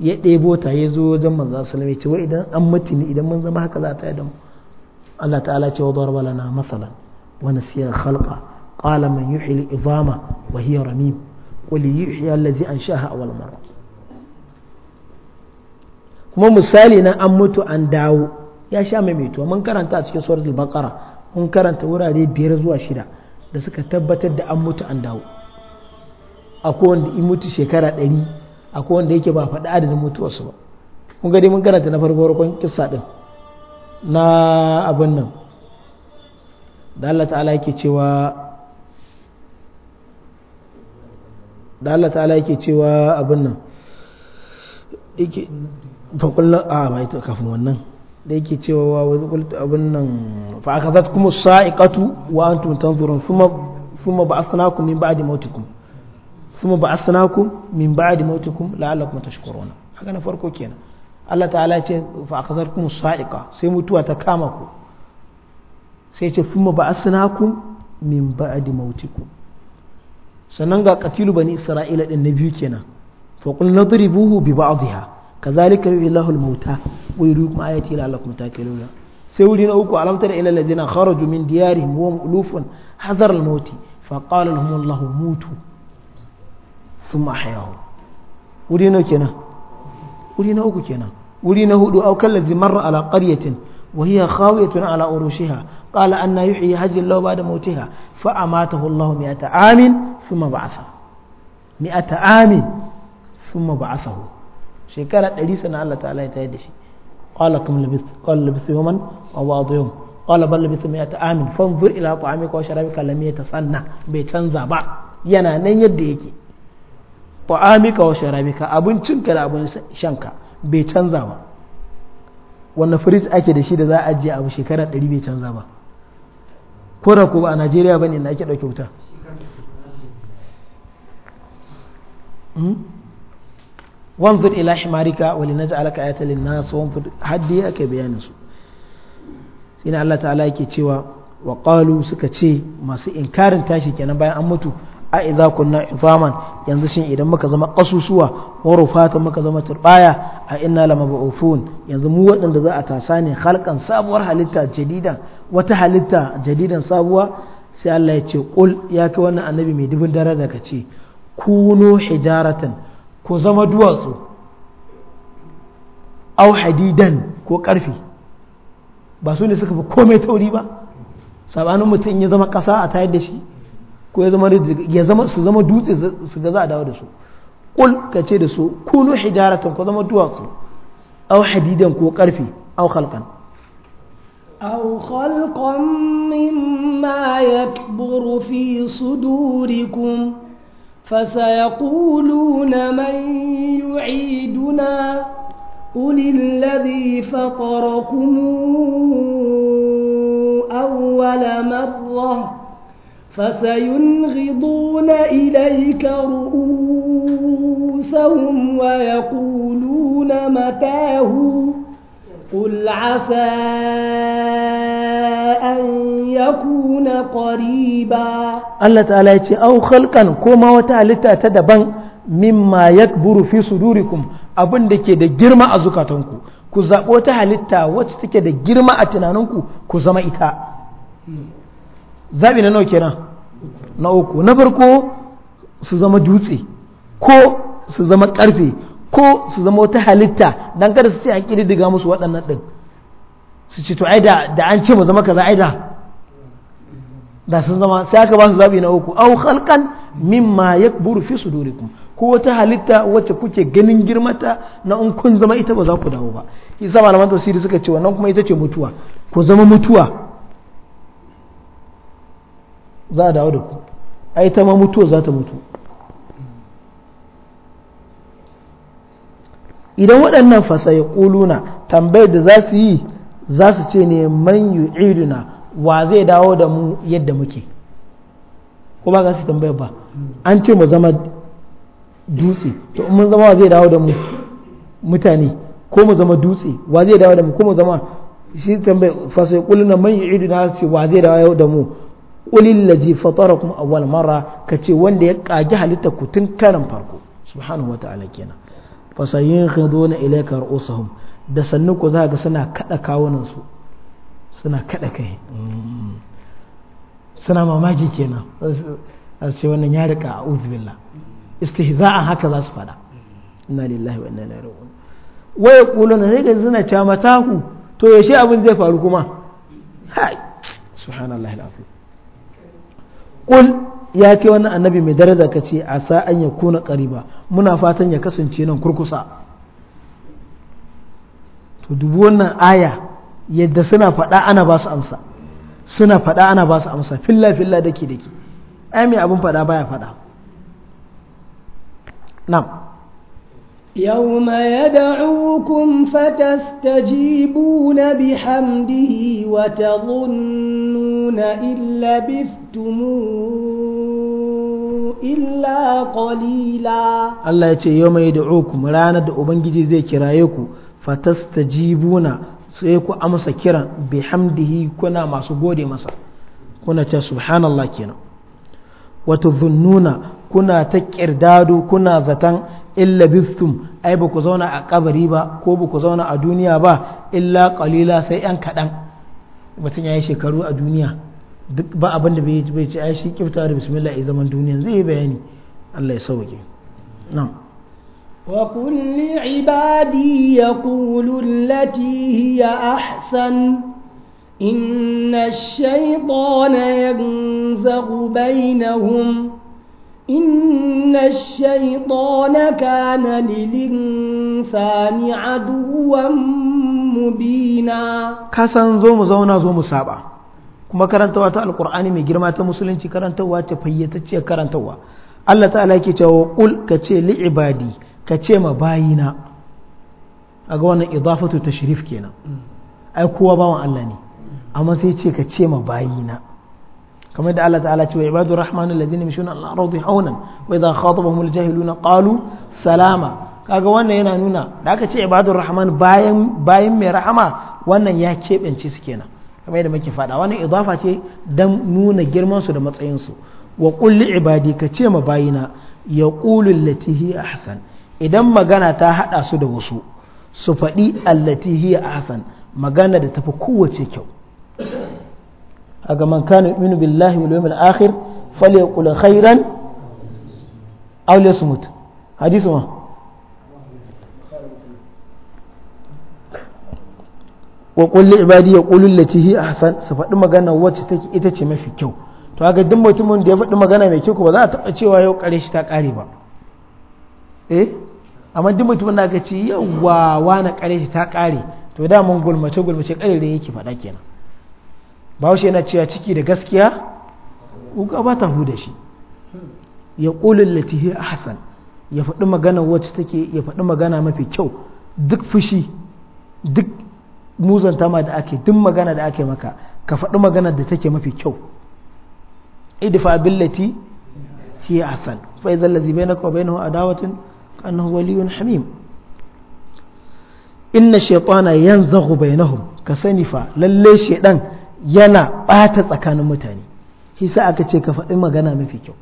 ya ɗebo ta ya zo wajen manzo sallallahu alaihi wasallam idan an mutu ne idan mun zama haka za ta yi da mu Allah ta'ala ce wa darbala na masalan wa nasiya khalqa qala man yuhyi al-idama wa hiya ramim qul yuhyi allazi anshaha kuma misali na an mutu an dawo ya sha maimaituwa mun karanta a cikin suratul baqara mun karanta wurare biyar zuwa shida da suka tabbatar da an mutu an dawo akwai wanda in mutu shekara ɗari akwai wanda yake ba faɗi adadin mutuwarsu ba mun gari mun karanta na farko farkon kissa ɗin na abin nan da Allah ta'ala yake cewa da Allah ta'ala yake cewa abin nan yake faƙullar a bai ta kafin wannan da yake cewa wani kulta abin nan fa aka zata kuma sa'iƙatu wa an tuntan zuron kuma ba asana ku min ba'adi mautikum kuma ba asana ku min ba'adi mautikum la'alla kuma tashkuruna haka na farko kenan Allah ta'ala ce fa aka zata kuma sa'iƙa sai mutuwa ta kama ku sai ce kuma ba asana ku min ba'adi mautikum sannan ga qatilu bani isra'ila din na biyu kenan fa qul nadribuhu bi ba'dihha kazalika yuhillahu al-mauta wa yuriikum ayati la'allakum taqiluna sai wuri na uku alamta alamtar ila alladhina kharaju min diyarihim wa ulufun hadar al-maut fa qala lahum allah mutu thumma ahyahum wuri na kenan wuri na uku kenan wuri na hudu aw kallazi marra ala qaryatin وهي خاوية على أروشها قال أن يحيي هذه الله بعد موتها فأماته الله مئة عام ثم بعثه مئة عام ثم بعثه شكرا دليل سنة الله تعالى يتهدشي قال كم لبث قال لبث يوما أو بعض يوم قال بل لبث مئة عام فانظر إلى طعامك وشرابك لم يتصنع بيتنزع بعض yana nan yadda yake ta'amika wa sharabika abincinka da abin shanka bai canza ba wannan firij ake da shi da za a ajiye abu shekara 100 bai canza ba ko da ko ba a Najeriya bane na ake dauke wuta Hmm? wanzur ila himarika wa linaj'alaka ayatan lin-nas wanzur haddi yake bayanin su ina Allah ta'ala yake cewa wa qalu suka ce masu inkarin tashi kenan bayan an mutu a idza kunna ifaman yanzu shin idan muka zama kasusuwa wa rufatan muka zama turbaya a inna lamab'ufun yanzu mu waɗanda za a tasa ne halkan sabuwar halitta jadida wata halitta jadidan sabuwa sai Allah ya ce qul ya kai wannan annabi mai dubin daraja ka ce kuno hijaratan ku zama duwatsu au hadidan ko karfi ba su ne suka fi komai tauri ba sabanin mutum ya zama kasa a tayar da shi ko ya zama su zama dutse su ga za a dawo da su kul ka ce da su kuno hijaratan ku zama duwatsu au hadidan ko karfi au khalqan أو خلقا مما يكبر في صدوركم فسيقولون من يعيدنا قل الذي فطركم أول مرة فسينغضون إليك رؤوسهم ويقولون متاهوا قل عسى أن يكون قريبا الله تعالى يتي أو خلقا كما وتعالى تدبن مما يكبر في صدوركم abin da ke da girma a zukatanku ku zaɓo ta halitta wacce take da girma a tunaninku ku zama ita zaɓi na nawa kenan na uku na farko su zama dutse ko su zama ƙarfe ko su zama wata halitta dan kada su ce an daga musu waɗannan ɗin su ce to aida da an ce mu zama kaza ai da da sun zama sai aka ba su zabi na uku aw khalqan mimma yakburu fi sudurikum ko wata halitta wacce kuke ganin girmata na in kun zama ita ba za ku dawo ba isa malaman tafsiri suka ce wannan kuma ita ce mutuwa ku zama mutuwa za a dawo da ku ai ta ma mutuwa za ta mutu idan waɗannan fasai ƙuluna tambayar da za su yi za su ce ne man yu'iduna wa zai dawo da mu yadda muke ko ba za su tambayar ba an ce mu zama dutse to in mun zama wa zai dawo da mu mutane ko mu zama dutse wa zai dawo da mu ko mu zama shi tambaye fasai ƙuluna man yu'iduna ce wa zai dawo da mu ƙulin lazi fatara kuma awwal mara ka ce wanda ya ƙagi halitta ku tun karan farko subhanahu wa ta'ala kenan fasayin khiduna ilayka ru'usahum da sannu ku za ga suna kada kawunan su suna kada kai suna mamaki kenan a ce wannan ya rika a billah istihza'an haka za su fada inna lillahi wa inna ilaihi raji'un wa yaquluna sai ga suna camataku to yaushe abin zai faru kuma hai subhanallahi alazim qul ya ke wannan annabi mai daraja ka ce a sa an ya kuna ƙariba muna fatan ya kasance nan kurkusa to dubu wannan aya yadda suna faɗa ana ba su amsa suna faɗa ana ba su amsa filla filla dake dake ai mai abin faɗa baya faɗa na'am يوم يدعوكم فتستجيبون بحمده وتظنون إن لبثتموا إلا قليلا الله يتي يوم يدعوكم رانا دعوبنجي زي كرايكو فتستجيبون سيكو أمس كرا بحمده كنا مع سبودي مسا كنا سبحان الله كنا وتظنون كنا تكردادو كنا زتن illa bithum ai ba ku zauna a kabari ba ko ba ku zauna a duniya ba illa qalila sai yan kaɗan mutum yayi shekaru a duniya duk ba abin da bai ci ai shi kifta da bismillah ya zaman duniya zai yi bayani Allah ya sauke na'am وقل لعبادي يقولوا التي هي أحسن إن الشيطان ينزغ بينهم إن الشيطان كان للإنسان عدوا مبينا كسان زوم زونا زوم سابا كما كرنتوا القرآن من جرمات مسلمين ta تفيتت karantarwa. Allah ta'ala yake cewa ƙul ka ce li'ibadi ka ce ma bayina a ga wannan idafatu ta shirif kenan ai kowa bawan Allah ne amma sai ce ka ce ma bayina كما يدعى الله تعالى وعباد الرحمن الذين يمشون على الأرض هونا وإذا خاطبهم الجاهلون قالوا سلاما kaga wannan yana nuna da aka ce ibadur rahman bayan bayan mai rahama wannan ya keɓance su kenan kamar yadda muke faɗa wannan idafa ce dan nuna girman su da matsayin su wa qul li ibadi ka ce ma bayina ya qulu allati hi ahsan idan magana ta hada su da wasu su faɗi allati hi ahsan magana da tafi kowace kyau aga man kana yu'minu billahi wal yawmil akhir falyaqul khairan aw liyasmut hadithu ma wa qul li ibadi yaqulu allati hi ahsan su faɗi magana wacce take ita ce mafi kyau to ga duk mutumin da ya faɗi magana mai kyau ba za a taɓa cewa yau kare shi ta ƙare ba eh amma duk mutumin da aka ce yawwa na kare shi ta ƙare to da mun gulmace gulmace ƙare yake faɗa kenan shi yana cewa ciki da gaskiya wuka ba ta huda shi ya ƙulin latihi ahsan ya faɗi magana wacce take ya faɗi magana mafi kyau duk fushi duk muzanta ma da ake duk magana da ake maka ka faɗi magana da take mafi kyau idfa billati hi ahsan fa idza alladhi bainaka wa bainahu adawatun annahu waliyun hamim inna shaytana yanzaghu bainahum ka sani fa lalle shaydan yana ɓata tsakanin mutane hisa aka ce ka faɗi magana mafi kyau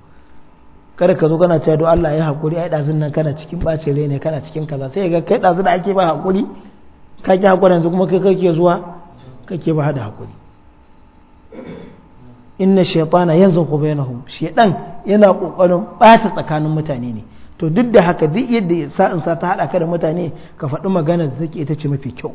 kada ka zo kana cewa don Allah ya haƙuri ai ɗazun nan kana cikin ɓacin rai ne kana cikin kaza sai ga kai ɗazun da ake ba haƙuri ka ki haƙuri yanzu kuma kai kake zuwa kake ba da haƙuri inna shaytana yanzuqu bainahum shaytan yana kokarin bata tsakanin mutane ne to duk da haka duk yadda sa'in sa ta hada ka da mutane ka faɗi magana da take ita ce mafi kyau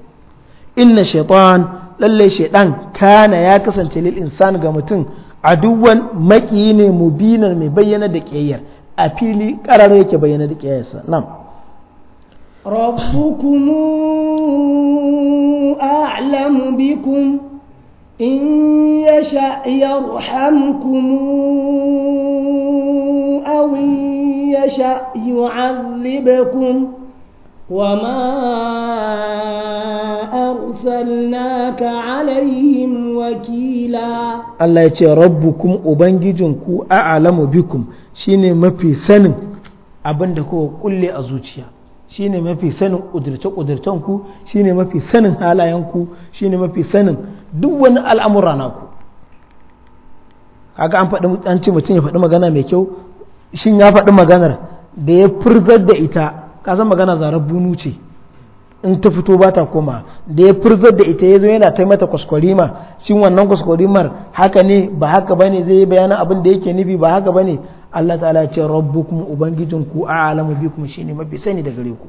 inna shaitan lalle shaitan kana ya kasance lil insan ga mutum aduwan maki ne mubinar mai bayyana da kiyayyar a fili karar yake bayyana da kiyayyarsa nan ربكم أعلم بكم إن يشأ يرحمكم أو إن يشأ يعذبكم وما arsalnaka alaihim wakila Allah ya ce rabbukum ubangijinku a'lamu bikum shine mafi sanin abin da kowa kulle a zuciya shine mafi sanin ƙudurce shine mafi sanin halayen shine mafi sanin duk wani al'amura naku kaga an faɗi an ce mutum ya faɗi magana mai kyau shin ya faɗi maganar da ya furzar da ita ka san magana zarar bunu ce in ta fito ba ta koma da ya furzar da ita ya zo yana ta mata kwaskwarima shin wannan kwaskwarimar haka ne ba haka ba ne zai yi bayanin abin da yake nufi ba haka ba ne Allah ta'ala ce kuma ubangijin ku a alamu shi ne mafi sani da gare ku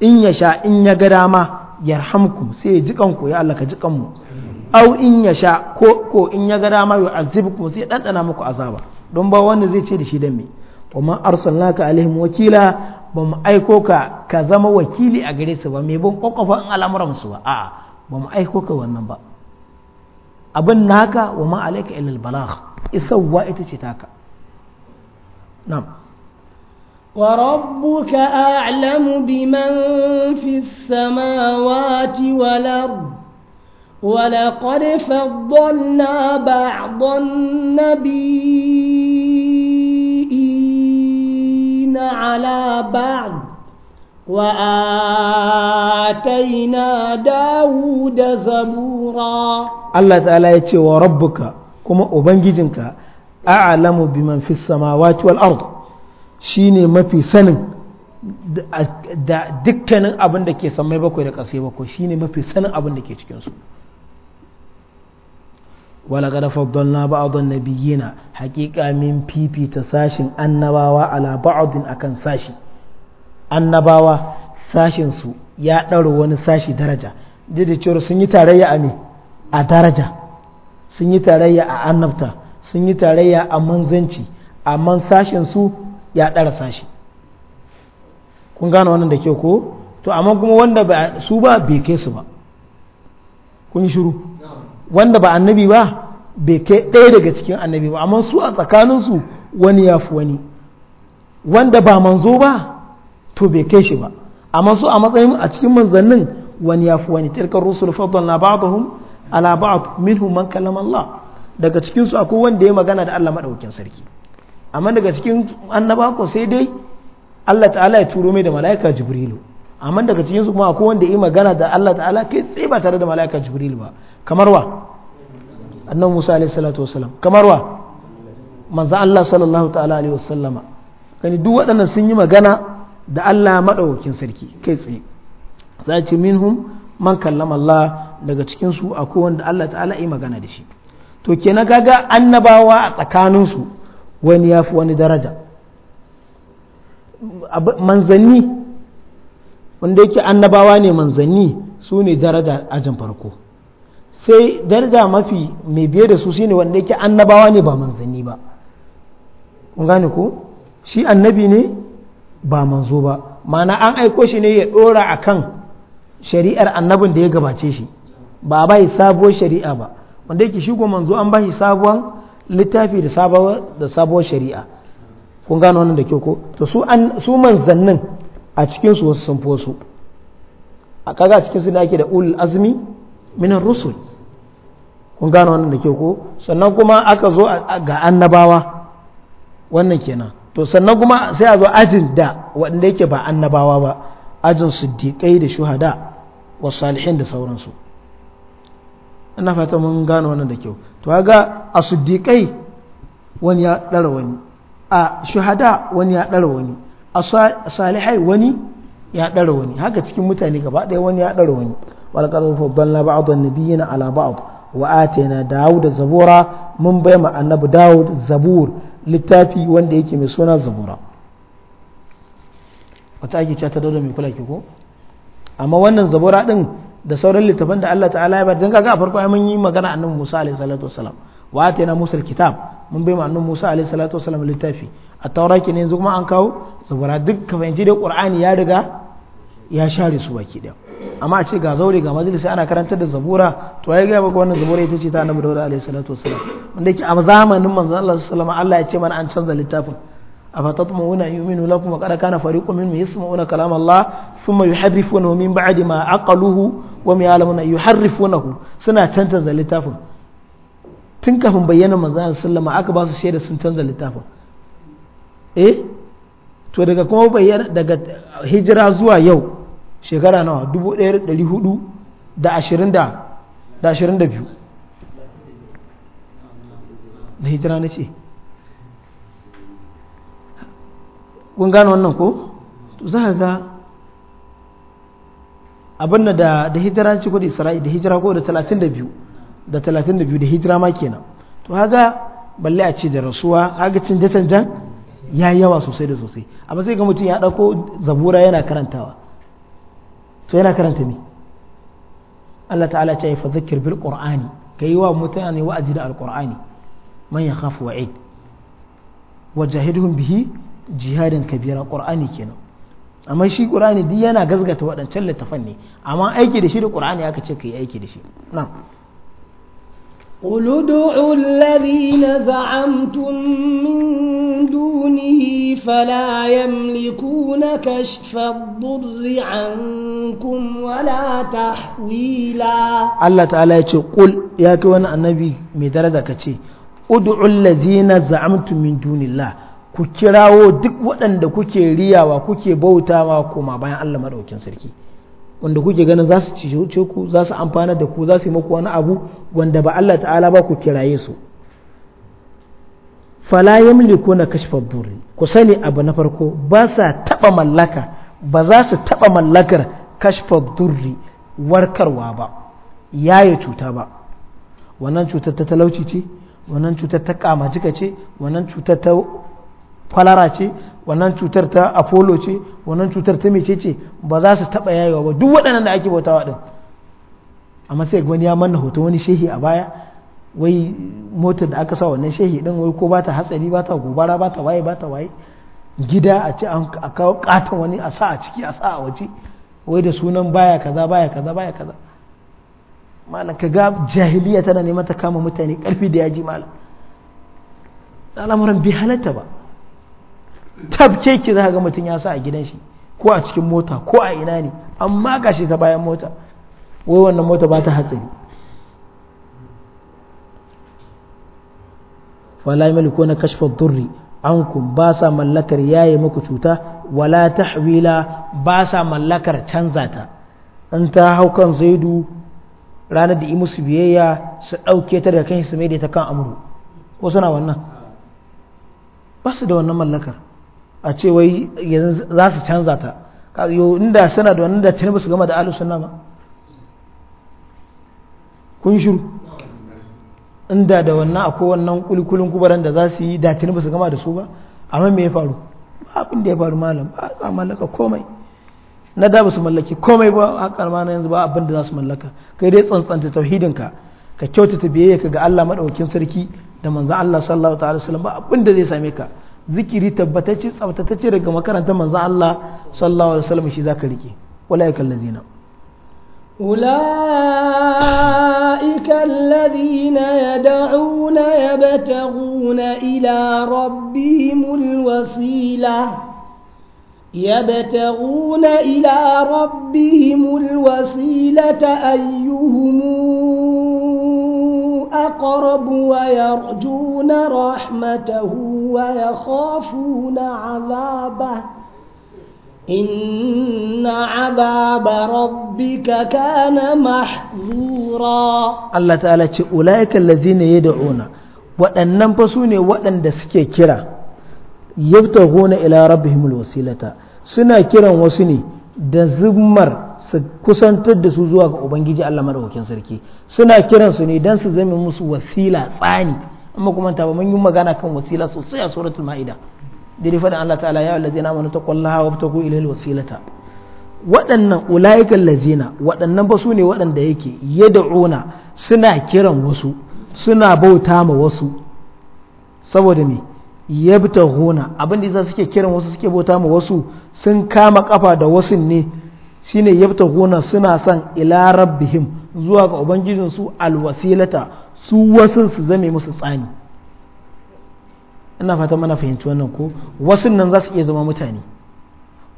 in ya sha in ya ga dama rahamku sai ya jikan ku ya Allah ka jikan mu au in ya sha ko in ya ga dama yu'azzibukum sai ya ɗanɗana muku azaba don ba wanda zai ce da shi dan me wama ma arsalnaka alaihim wakila ba mu aiko ka ka zama wakili a gare su ba mai bin kwakwafa in al'amuran su ba a'a ba mu aiko ka wannan ba abin naka wa ma alaika ilal balagh isawwa ita ce taka na'am وربك أعلم بمن في السماوات والأرض ولقد فضلنا بعض النبي على بعض وآتينا داود زبورا الله تعالى يتي وربك كما أبنججنك أعلم بمن في السماوات والأرض شيني ما في سنن da dukkanin دكي سمي ke samai bakwai شيني ƙasai bakwai shine mafi sanin abin wala gada faddon na ba'adon na hakika min fifita sashin annabawa ala akan sashi annabawa sashinsu ya daro wani sashi daraja sun yi tarayya a me a daraja sun yi tarayya a annabta sun yi tarayya a manzanci amma sashinsu ya ɗara sashi kun gane wannan da kyau ko to amma kuma wanda su ba bai kai su ba kun shiru wanda ba annabi ba bai kai ɗaya daga cikin annabi ba amma su a tsakaninsu wani ya fi wani wanda ba manzo ba to bai kai shi ba amma su a matsayin a cikin manzannin wani ya fi wani tilkar rusul la ba'dhum ala ba'd minhum man kallama Allah daga cikin su akwai wanda ya magana da Allah madaukakin sarki amma daga cikin annabako sai dai Allah ta'ala ya turo mai da mala'ika jibrilu amma daga cikin su kuma akwai wanda yi magana da Allah ta'ala kai tsaye ba tare da mala'ika jibril ba kamar wa annabi Musa alaihi salatu wasallam kamar wa manzo Allah sallallahu ta'ala alaihi wasallama kani duk waɗannan sun yi magana da Allah madaukakin sarki kai tsaye Zaci minhum man kallama Allah daga cikin su akwai wanda Allah ta'ala yi magana da shi to kenan kaga annabawa a tsakanin su wani yafi wani daraja manzanni wanda yake annabawa ne manzanni su ne daraja ajin farko sai daraja mafi mai biye da su shine wanda yake annabawa ne ba manzanni ba kun gane ko shi annabi ne ba manzo ba mana an aiko shi ne ya dora kan shari'ar annabin da ya gabace shi ba a bayi sabuwar shari'a ba wanda yake shigo manzo an bashi sabuwar littafi da sabuwar shari'a kun gano wannan da kyau ko to su manzannin a cikin su wasu sun fi a kaga a cikin su ne ake da ul azmi minan rusul kun gano wannan da ke ko sannan kuma aka zo ga annabawa wannan kenan to sannan kuma sai a zo ajin da wanda yake ba annabawa ba ajin siddiƙai da shuhada wa salihin da sauransu ina fata mun gano wannan da kyau to ga a siddiƙai wani ya ɗara wani a shuhada wani ya ɗara wani salihai wani ya ɗara wani haka cikin mutane gaba ɗaya wani ya ɗara wani walƙar faddalla ba'd annabiyina ala ba'd wa atayna dawud zabura mun bai ma annabi dawud zabur littafi wanda yake mai suna zabura wata ake cewa ta dole mai kula ke ko amma wannan zabura din da sauran littafan da Allah ta'ala ya bada dan kaga a farko ai mun yi magana annabi Musa alaihi salatu wassalam wa yana musa kitab mun bai annabi musa alaihi salatu wasallam littafi a taura ne yanzu kuma an kawo zabura duk ka fahimci dai qur'ani ya riga ya share su baki daya amma a ce ga zaure ga majalisi ana karantar da zabura to ya ga maka wannan zabura ita ce ta annabi dawud alaihi salatu wasallam wanda yake a zamanin manzon Allah sallallahu alaihi Allah ya ce mana an canza littafin afatatma'una yu'minu lakum wa qad kana fariqun minhum yasma'una kalam Allah thumma yuharrifunahu min ba'di ma aqaluhu wa ma ya'lamuna yuharrifunahu suna canza littafin tun kafin bayyana manzan sallama aka ba su shaida sun canza littafin eh to daga kuma bayyana daga hijira zuwa yau shekara nawa 1400 da 20 da 22 na hijira na ce kun gane wannan ko to za ka ga abin da da hijira ce ko da isra'i da hijira ko da 32 da talatin da biyu da hijira ma kenan to haga balle a ce da rasuwa haga canja jan ya yawa sosai da sosai amma sai ga mutum ya ɗauko zabura yana karantawa to yana karanta me Allah ta'ala ce fa zakir bil qur'ani kai wa mutane wa'azi da alqur'ani man yakhafu wa'id wajahiduhum bihi jihadin kabira qur'ani kenan amma shi qur'ani duk yana gazgata waɗancan littafan ne amma aiki da shi da qur'ani aka ce ka yi aiki da shi na'am قل ادعوا الذين زعمتم من دونه فلا يملكون كشف الضر عنكم ولا تحويلا الله تعالى يقول قل يا كوان النبي مدرجة كتي ادعوا الذين زعمتم من دون الله ku kirawo duk waɗanda kuke riyawa kuke bautawa koma bayan Allah maɗaukin sarki wanda kuke ganin za su cece ku za su amfana da ku za su yi muku wani abu wanda ba Allah ta'ala ba ku kiraye su fala yamliku na kashfa durri ku sani abu na farko ba sa taba mallaka ba za su taba mallakar kashfa durri warkarwa ba yaye cuta ba wannan cutar ta talauci ce wannan cutar ta kamajika ce wannan cutar ta kwalara ce wannan cutar ta apollo ce wannan cutar ta mece ce ba za su taɓa yayewa ba duk waɗannan da ake bautawa ɗin amma sai wani ya manna hoto wani shehi a baya wai motar da aka sa wannan shehi ɗin wai ko ba ta hatsari ba ta gobara ba ta waye ba ta waye gida a ce a kawo katon wani a sa a ciki a sa a waje wai da sunan baya kaza baya kaza baya kaza malam ka ga jahiliya tana neman ta kama mutane karfi da yaji malam al'amuran bi halatta ba tabce ki za ga mutum ya sa a gidan shi ko a cikin mota ko a ina ne amma shi ta bayan mota wai wannan mota ba ta hatsari fala ko na kashfa durri ankum ba sa mallakar yaye muku cuta wala tahwila ba sa mallakar canza ta in ta hau kan zaidu ranar da imusu musu biyayya su ɗauke ta daga kan su mai da ta kan amuru ko suna wannan ba su da wannan mallakar a ce wai yanzu za su canza ta yau inda suna da wani da tuni su gama da ahlus sunna ba kun shiru inda da wannan akwai wannan kulkulun kubaran da za su yi da tuni su gama da su ba amma me ya faru ba abin da ya faru malam ba a mallaka komai na da ba su mallaki komai ba haka karma na yanzu ba abin da za su mallaka kai dai tsantsanta tauhidin ka kyautata biyayya ga Allah madaukakin sarki da manzon Allah sallallahu alaihi wasallam ba abin da zai same ka zikiri tabbatacce tsabtatacce daga makarantar manzo Allah sallallahu alaihi wasallam shi zaka rike ulaika ladina ulaiikal ladina yad'una yabtaguna ila rabbihimul wasila yabtaguna ila rabbihimul wasila أيهم أقرب ويرجون رحمته ويخافون عذابه إن عذاب ربك كان محظورا الله تعالى أولئك الذين يدعون waɗannan fa su ne waɗanda suke kira yabtaghuna ila rabbihimul wasilata suna kiran wasu ne da zimmar su kusantar da su zuwa ga ubangiji Allah madaukakin sarki suna kiran su ne dan su zame musu wasila tsani amma kuma ta ba mun yi magana kan wasila sosai a suratul maida dai faɗin Allah ta'ala ya allazina kwallaha taqullaha wabtagu ilayhi wasilata waɗannan ulaiikal lazina waɗannan ba su ne waɗanda yake yad'una suna kiran wasu suna bauta ma wasu saboda me yabta abin da yasa suke kiran wasu suke bauta ma wasu sun kama kafa da wasu ne shine yabta yabtaghuna suna son ila rabbihim zuwa ga ubangijin su alwasilata su wasun su zame musu tsani ina fata mana fahimci wannan ko wasun nan za su iya zama mutane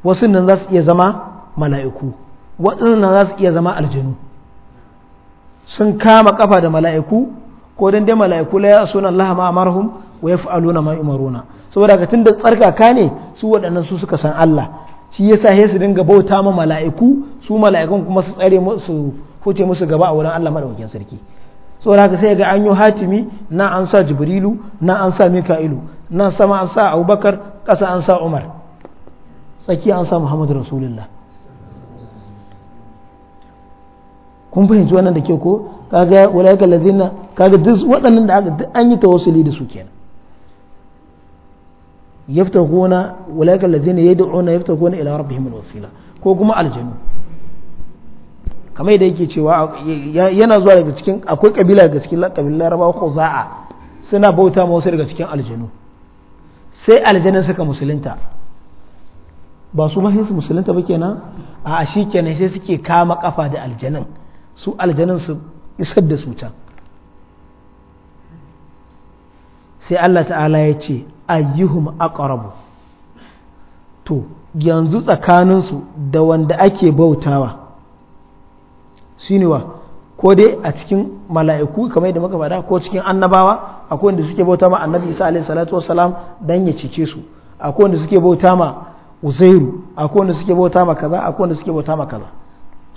wasun nan za su iya zama mala'iku waɗannan za su iya zama aljanu sun kama kafa da mala'iku ko dan dai mala'iku la ya sunan Allah ma amarhum wa mai ma yumaruna saboda ka tunda tsarkaka ne su waɗannan su suka san Allah shi yasa sa su dinga bauta ma mala'iku su mala'ikun kuma su tsare su huce musu gaba a wurin Allah maɗaukin sarki saboda haka sai ga an yi hatimi na an sa jibrilu na an sa mika'ilu na sama an sa abubakar ƙasa an sa umar tsaki an sa muhammadu rasulullah kun fahimci wannan da ke ko kaga walaikal ladina kaga duk waɗannan da aka an yi tawassuli da su kenan yaftahuna ulaika allazina yad'una yaftahuna ila rabbihim alwasila ko kuma aljanu kamar yadda yake cewa yana zuwa daga cikin akwai kabila daga cikin kabilan laraba ko za'a suna bauta ma wasu daga cikin aljanu sai aljanin suka musulunta ba su mahin su musulunta ba kenan a shi kenan sai suke kama kafa da aljanin su aljanin su isar da su can sai Allah ta'ala ya ce ayyuhum aqrabu to yanzu tsakaninsu da wanda ake bautawa shine wa ko dai a cikin mala'iku kamar yadda muka faɗa ko cikin annabawa akwai wanda suke bauta ma annabi isa alaihi salatu wassalam dan ya cece su akwai wanda suke bauta ma uzairu akwai wanda suke bauta ma kaza akwai wanda suke bauta ma kaza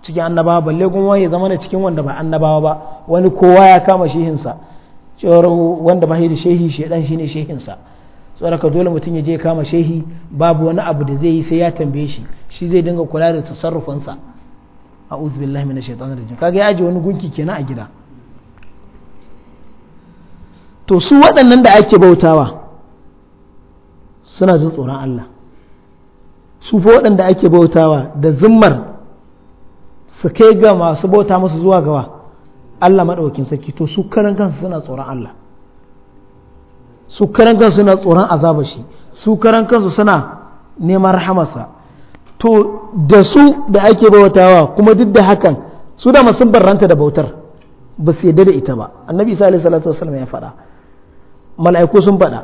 cikin annabawa balle kuma ya zama ne cikin wanda ba annabawa ba wani kowa ya kama shehinsa cewar wanda ba da shehi shedan shine shehinsa ka dole mutum ya je kama shehi babu wani abu da zai yi sai ya tambaye shi shi zai dinga kula da tasarrufinsa a uzbillahi mina shaitan rajim kaga ya aje wani gunki kenan a gida to su waɗannan da ake bautawa suna jin tsoron Allah su fa waɗanda ake bautawa da zimmar su kai ga masu bauta musu zuwa gawa Allah maɗaukin sarki to su karan kansu suna tsoron Allah su karan kansu suna tsoron azaba shi su karan kansu suna neman rahamarsa to da su da ake bautawa kuma duk da hakan su da sun barranta da bautar ba su yadda da ita ba annabi isa alaihi salatu wasallam ya faɗa mala'iku sun faɗa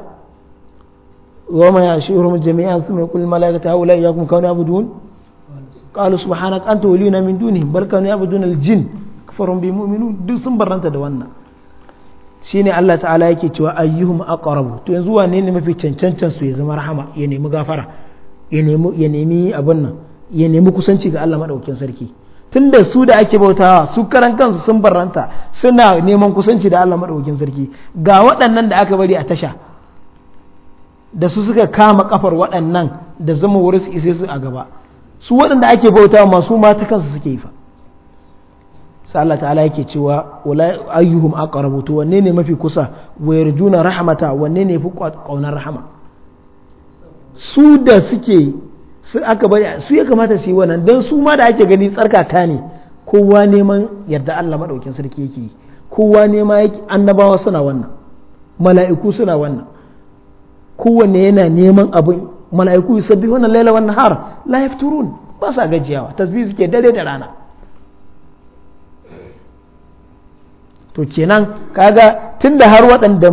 yawma yashurum jami'an thumma yaqul malaikatu haula iyyakum qalu subhanaka anta waliyuna min bal al bi mu'minun duk sun barranta da wannan shine Allah ta'ala yake cewa ayyuhum aqrabu to yanzu wane ne mafi cancantan su ya zama rahama ya nemi gafara ya nemi ya nemi abin nan ya nemi kusanci ga Allah madaukakin sarki tunda su da ake bautawa su karan kansu sun barranta suna neman kusanci da Allah madaukakin sarki ga waɗannan da aka bari a tasha da su suka kama kafar waɗannan da zama wurin su ise su a gaba su waɗanda ake bautawa masu mata kansu suke yi fa sai Allah ta'ala yake cewa wala ayyuhum aqrabu to wanne ne mafi kusa wa yarjuna rahmata wanne ne fi kaunar rahama su da suke su aka bari su ya kamata su yi wannan dan su ma da ake gani tsarkaka ne kowa neman yarda Allah madaukin sarki yake kowa nema yake annabawa suna wannan mala'iku suna wannan kowanne yana neman abin mala'iku wannan laila wannan har la yafturun ba sa gajiyawa tasbih suke dare da rana to kenan kaga tunda har waɗanda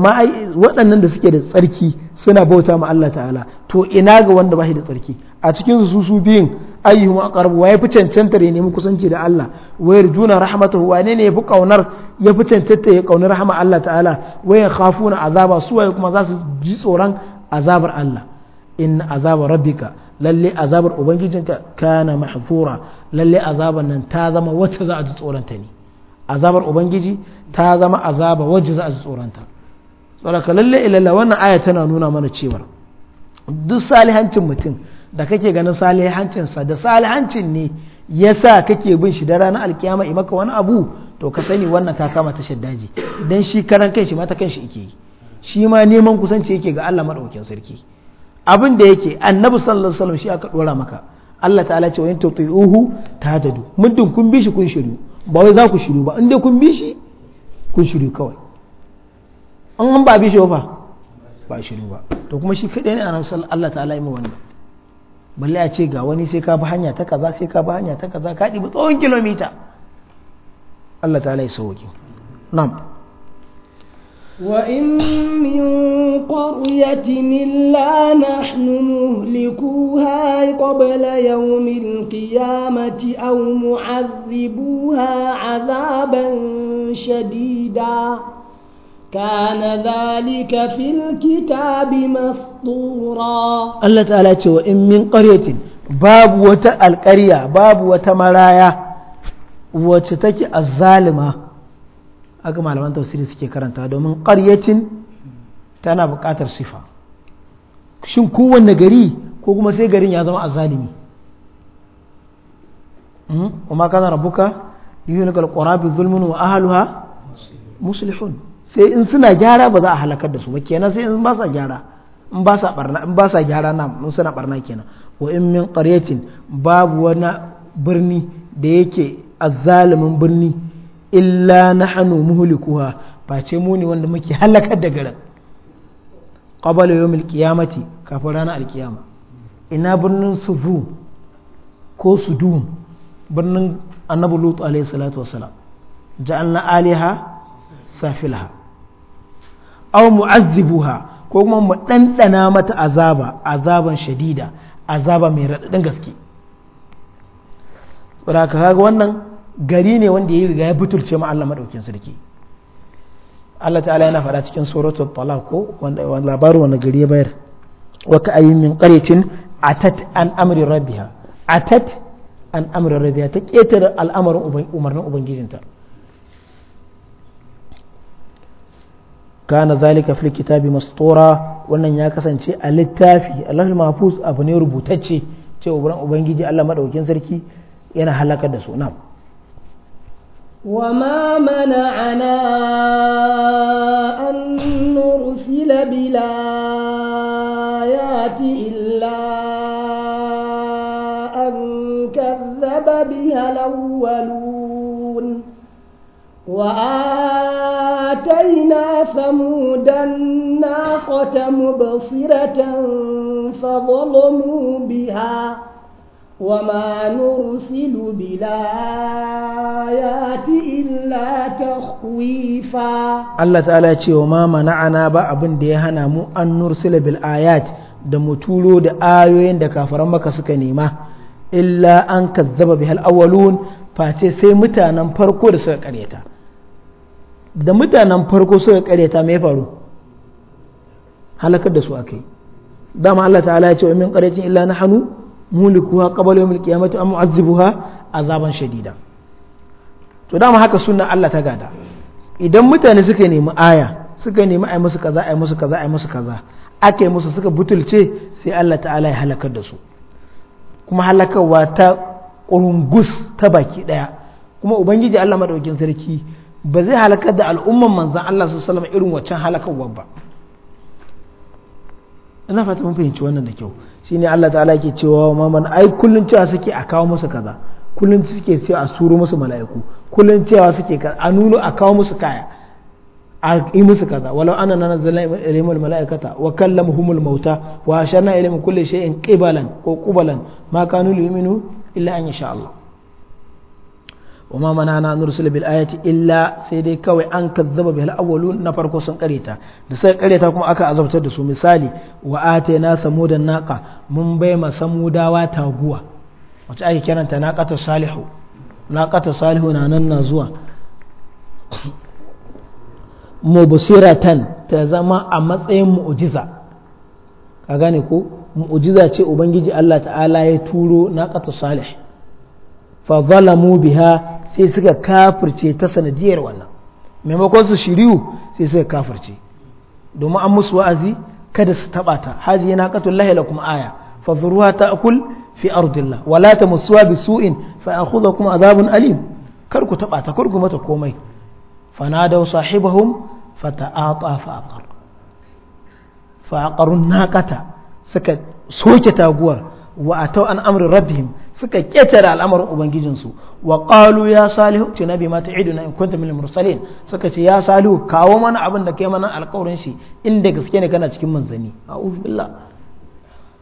waɗannan da suke da tsarki suna bauta ma Allah ta'ala to ina ga wanda ba shi da tsarki a cikin su su su biyun ayyuhum aqrabu wa yafi cancantar ya nemi kusanci da Allah wa yarjuna rahmatahu wa ne ne yafi kaunar yafi cancantar ya kauni rahama Allah ta'ala wa yakhafuna azaba su wa kuma za su ji tsoron azabar Allah in azaba rabbika lalle azabar ubangijinka kana mahfura lalle azaban nan ta zama wacce za a ji tsoron ta ne azabar ubangiji ta zama azaba wajen za a ji tsoronta tsoraka lalle ilalla wannan aya tana nuna mana cewar duk salihancin mutum da kake ganin salihancinsa da salihancin ne ya sa kake bin shi da ranar alkiyama i maka wani abu to ka sani wannan ka kama ta shaddaji don shi karan kanshi mata kanshi yake yi shi ma neman kusanci yake ga Allah maɗaukin sarki abin da yake annabi sallallahu alaihi wasallam shi aka dora maka Allah ta'ala ce wa in tuti'uhu tahtadu muddin kun bi shi kun shiru ba wai za ku shiru ba inda kun bi shi kun shiru kawai an ba bi shi ba ba shiru ba to kuma shi kaɗai ne a nan Allah ta'ala yi wannan balle a ce ga wani sai ka bi hanya ta kaza sai ka bi hanya ta kaza ka ɗibi tsawon kilomita Allah ta'ala ya sauki na'am وإن من قرية إلا نحن مهلكوها قبل يوم القيامة أو معذبوها عذابا شديدا كان ذلك في الكتاب مسطورا الله تعالى وإن من قرية باب وتا القرية باب وتمرايا وتتكي الظالمه haka malaman tafsiri suke karanta domin ƙaryacin tana buƙatar sifa shin kowanne gari ko kuma sai garin ya zama azalimi umar hmm? kana rabuka yuni kalkura bi zulmin wa ahaluha musulhun sai in suna gyara ba za a halakar da su ba kenan sai in ba sa gyara in ba sa barna in ba gyara na in suna barna kenan wa in min qaryatin babu wani birni da yake azzalumin birni illa na mu muhlikuha ba ce ne wanda muke halakar da garin qabala yawmil qiyamati kafin rana alkiyama ina birnin sufu ko sudum birnin annabi lutu alayhi salatu Ja'an ja'alna aliha safilaha aw mu'azzibuha ko kuma mu ɗanɗana mata azaba azaban shadida azaba mai raɗaɗin gaske ka kaga wannan gari ne wanda ya yi riga ya butulce ma Allah madaukin sarki Allah ta'ala yana faɗa cikin suratul talaq ko labarin wani gari ya bayar wa ka ayyin min qaryatin atat an amri rabbiha atat an amri rabbiha ta ketar al'amarin umarnin ubangijinta kana zalika fil kitabi mastura wannan ya kasance a littafi Allahul mahfuz abu ne rubutacce cewa ubangiji Allah madaukin sarki yana halakar da su na'am وما منعنا أن نرسل بالآيات إلا أن كذب بها الأولون وآتينا ثمود الناقة مبصرة فظلموا بها وما نرسل بالآيات إلا تخويفا الله تعالى يقول وما منعنا با أبن ديهنا مو أن نرسل بالآيات da mu turo da ayoyin da kafaran maka suka nema illa an kazzaba bihal awwalun face sai mutanen farko da suka karyata da mutanen farko suka karyata me faru halakar da su akai dama Allah ta'ala ya ce wa min qaryatin illa nahnu mulikuha qabla yawmil qiyamati am mu'azzibuha azaban shadida to dama haka sunna Allah ta gada idan mutane suka nemi aya suka nemi ai musu kaza ai musu kaza ai musu kaza aka musu suka butulce sai Allah ta'ala ya halakar da su kuma halakarwa ta ƙungus ta baki ɗaya kuma ubangiji Allah maɗaukin sarki ba zai halakar da al'umman manzan Allah su salama irin waccan halakarwa ba ina fata mun fahimci wannan da kyau shine Allah ta'ala ke cewa wa man ai kullun cewa suke a kawo masa kaza kullun suke cewa a suru masu mala'iku kullun cewa suke a nuno a kawo masa kaya a yi musu kaza walau ana nan zalla ilimul mala'ikata wa kallamuhumul mauta wa asharna ilim kulli shay'in qibalan ko qubalan ma kanu yu'minu illa an yasha Allah wa ma manana an nursila bil ayati illa sai dai kawai an kazzaba bil awwalun na farko sun kareta da sai kareta kuma aka azabtar da su misali wa atayna samudan naqa mun bai ma samudawa taguwa wace ake kiranta naqatu salihu naqatu salihu na nan na zuwa mubsiratan ta zama a matsayin mu'jiza ka gane ko mu'jiza ce ubangiji Allah ta'ala ya turo naqatu salihu fazalamu biha sai suka kafirce ta sanadiyar wannan maimakon su shiriyu sai suka kafirce domin an musu wa'azi kada su taba ta hadi yana qatul lahi lakum aya fa zuruha ta'kul fi ardillah wa la tamassuha bisu'in fa ya'khudhukum adhabun alim kar ku taba ta kar ku mata komai fanadaw sahibahum fata'ata fa'aqar fa'aqarun naqata suka soke taguwar wa atau an amri rabbihim suka ketare al'amarin ubangijinsu wa qalu ya salihu tuna bi ma ta'iduna in kunta minal mursalin suka ce ya salihu kawo mana abin da kai mana alƙawarin shi inda gaske ne kana cikin manzanni a billah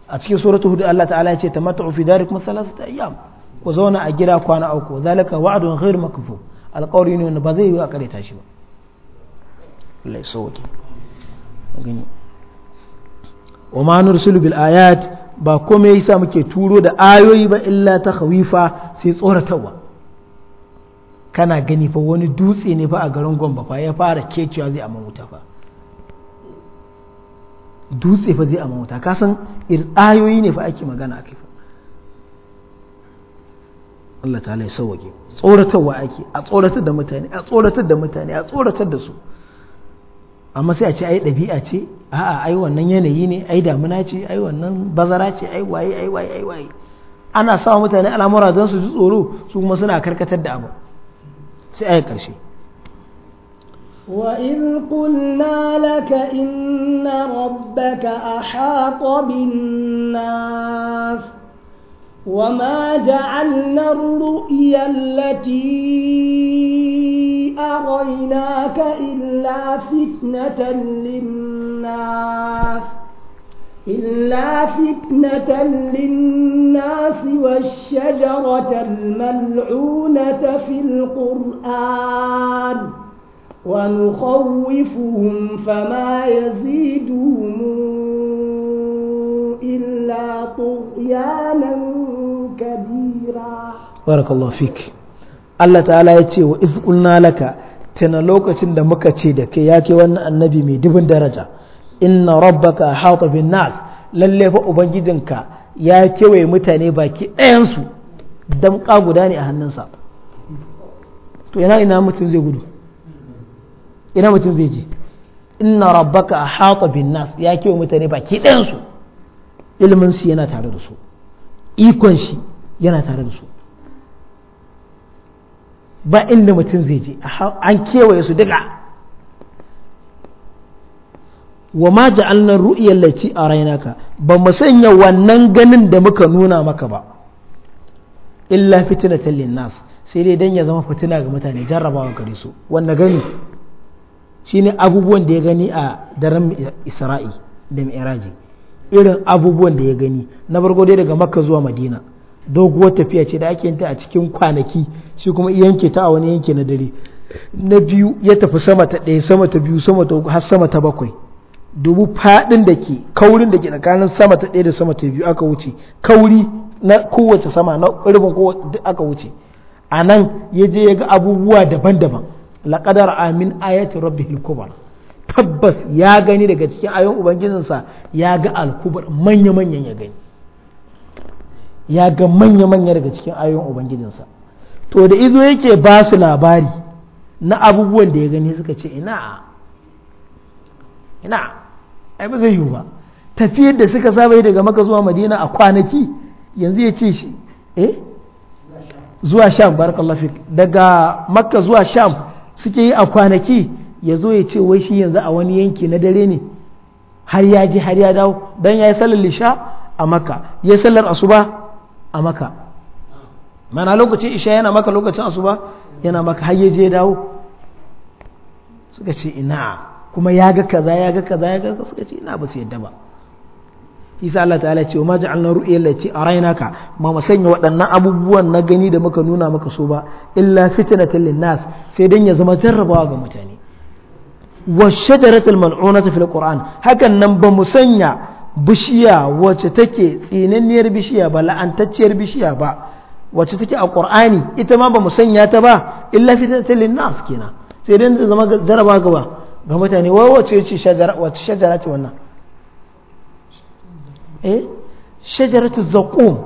a cikin suratul hudu Allah ta'ala ya ce tamattu fi darikum thalathata ayyam ku zauna a gida kwana uku zalika wa'dun ghairu makfur alƙawari ne wanda ba zai yi a kare shi ba Allah ya wa ma nursilu bil ayat ba komai yasa muke turo da ayoyi ba illa ta khawifa sai tsoratarwa kana gani fa wani dutse ne fa a garin gombe fa ya fara kecewa zai amma wuta fa dutse fa zai amma wuta kasan ayoyi ne fa ake magana akai fa Allah ta ya sauwake tsoratarwa ake a tsoratar da mutane a tsoratar da mutane a tsoratar da su amma sai a ce ai ɗabi'a ce a'a ai wannan yanayi ne ai damuna ce ai wannan bazara ce ai waye ai waye ai waye ana sa mutane al'amura don su ji tsoro su kuma suna karkatar da abu sai ai karshe وإذ قلنا لك إن ربك أحاط بالناس وما جعلنا الرؤيا التي أريناك إلا فتنة للناس إلا فتنة للناس والشجرة الملعونة في القرآن ونخوفهم فما يزيدهم إلا طغيانا كبيرا بارك الله فيك Allah ta'ala ya ce wa ifqulna laka tana lokacin da muka ce da kai yake wannan annabi mai dubin daraja inna rabbaka hata bin nas lalle fa ubangijinka ya kewaye mutane baki ɗayan su damƙa guda ne a hannunsa to ina ina mutum zai gudu ina mutum zai ji inna rabbaka hata bin nas ya kewaye mutane baki ɗayan su ilmin shi yana tare da su ikon shi yana tare da su ba inda mutum zai je an kewaye su duka wa ma ja'alna ru'yal lati arainaka ba mu sanya wannan ganin da muka nuna maka ba illa fitnatan linnas sai dai dan ya zama fitina ga mutane jarrabawa gare su wannan gani shine abubuwan da ya gani a daren Isra'i da Mi'raji irin abubuwan da ya gani na farko dai daga Makka zuwa Madina doguwar tafiya ce da ake ta a cikin kwanaki shi kuma yanke ta a wani yanke na dare na biyu ya tafi sama ta ɗaya sama ta biyu sama ta uku har sama ta bakwai dubu faɗin da ke kaurin da ke tsakanin sama ta ɗaya da sama ta biyu aka wuce kauri na kowace sama na rubin kowace aka wuce a nan ya je ya ga abubuwa daban-daban laƙadar amin ayatin rabbi kubra tabbas ya gani daga cikin ayon ubangijinsa ya ga alkubar manya-manyan ya gani ya ga manya-manya daga cikin ayoyin ubangijinsa to da izo yake ba su labari na abubuwan da ya gani suka ce ina ina ai ba zai yiwu ba tafiyar da suka saba yi daga maka zuwa madina a kwanaki yanzu ya ce shi eh zuwa sham barakallahu daga makka zuwa sham suke yi a kwanaki ya zo ya ce wai shi yanzu a wani yanki na dare ne har ya ji har ya dawo don ya yi sallar lisha a makka ya sallar asuba a maka mana lokacin isha yana maka lokacin asuba yana maka har ya je dawo suka ce ina kuma ya ga kaza ya ga kaza ya ga suka ce ina ba su yadda ba isa Allah ta'ala ce ma ja'alna ru'yal lati arainaka ma mu sanya waɗannan abubuwan na gani da muka nuna maka so ba illa ta linnas sai dan ya zama jarrabawa ga mutane wa shajaratul mal'unata fil qur'an hakan nan ba mu sanya bishiya wacce take tsinanniyar bishiya ba la'antacciyar bishiya ba wacce take a ƙur'ani ita ma ba sanya ta ba illa fitatan linnas kenan sai dai zama jaraba gaba ga mutane wai wacce ce shajara wacce shajara ce wannan eh ta zaƙum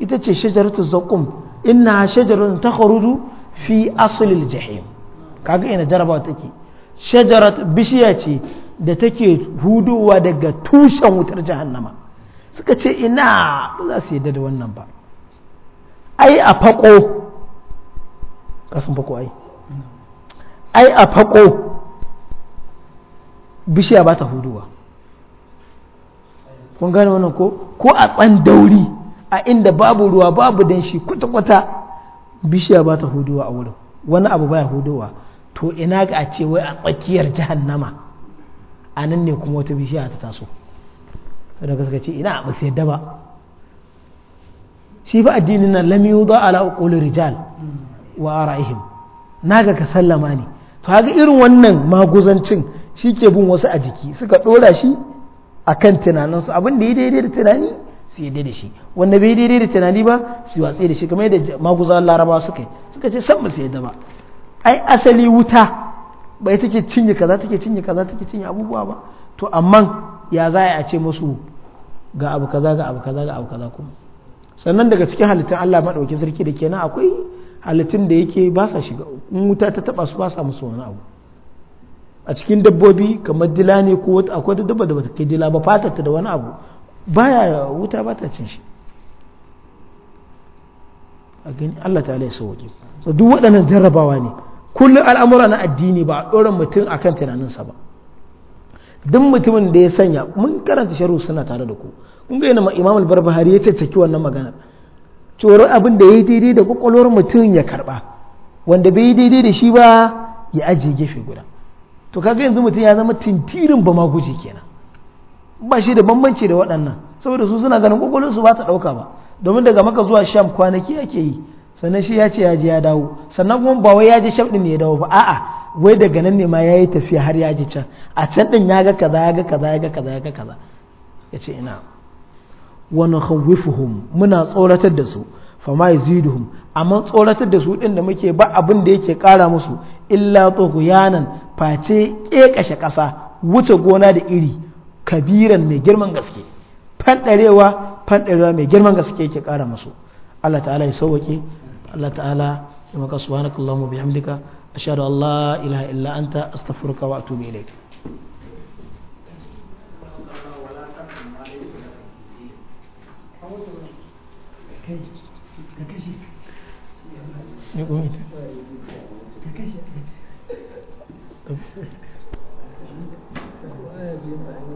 ita ce zaƙum ina inna shajaratun takhruju fi asulil jahim kaga ina jaraba take shajarat bishiya ce da take hudowa daga tushen wutar jahannama suka ce ina ba za su yadda da wannan ba ai a fako kasan fako ai ai a fako bishiya ba ta huduwa kun gane wannan ko ko a dauri a inda babu ruwa babu danshi kwata-kwata bishiya ba ta huduwa a wurin wani abu baya huduwa to ina ga a ce wai a tsakiyar jahannama a nan ne kuma wata bishiya ta taso daga suka ce ina ba sai ba shi fa addinin nan lam yuda ala qul rijal wa ara'ihim naga ka sallama ne to haka irin wannan maguzancin shi ke bin wasu a jiki suka dora shi akan tunaninsu abin da ya daidai da tunani su yadda da shi wanda bai daidai da tunani ba su watsi da shi kamar yadda maguzan larabawa suka yi suka ce san ba su yadda ba ai asali wuta ba ita ke cinye kaza take cinye kaza take cinye abubuwa ba to amma ya za a ce musu ga abu kaza ga abu kaza ga abu kaza kuma sannan daga cikin halittun Allah dauke sarki da kenan akwai halittun da yake ba sa shiga in wuta ta taba su ba sa musu wani abu a cikin dabbobi kamar dila ne ko wata akwai dabba da bata kai dila ba fatar ta da wani abu baya wuta ba ta cin shi a gani Allah ta ya sauke so duk waɗannan jarrabawa ne kullum al'amura na addini ba a ɗora mutum akan tunaninsa ba duk mutumin da ya sanya mun karanta sharu suna tare da ku kun ga yana imam al-barbahari ya tattaki wannan magana coro abin da ya yi daidai da kwakwalwar mutum ya karba wanda bai yi daidai da shi ba ya ajiye gefe guda to kaga yanzu mutum ya zama tintirin ba ma guji kenan ba shi da bambanci da waɗannan saboda su suna ganin kwakwalwar su ba ta ɗauka ba domin daga maka zuwa sham kwanaki ake yi sannan shi ya ce ya je ya dawo sannan kuma ba wai ya ji shaf ne ya dawo ba a'a wai daga nan ne ma ya yi tafiya har ya ji can a can ɗin ya ga kaza ya ga kaza ya ga kaza ya ga kaza ya ce ina wani hawifuhum muna tsoratar da su fama ziduhum amma tsoratar da su ɗin da muke ba abin da yake ƙara musu illa yanan face kekashe kasa wuce gona da iri kabiran mai girman gaske fanɗarewa fanɗarewa mai girman gaske yake kara musu Allah ta'ala ya sauwake الله تعالى سبحانك سبحانك اللهم وبحمدك أشهد أن لا إله إلا أنت أستغفرك وأتوب إليك Thank you.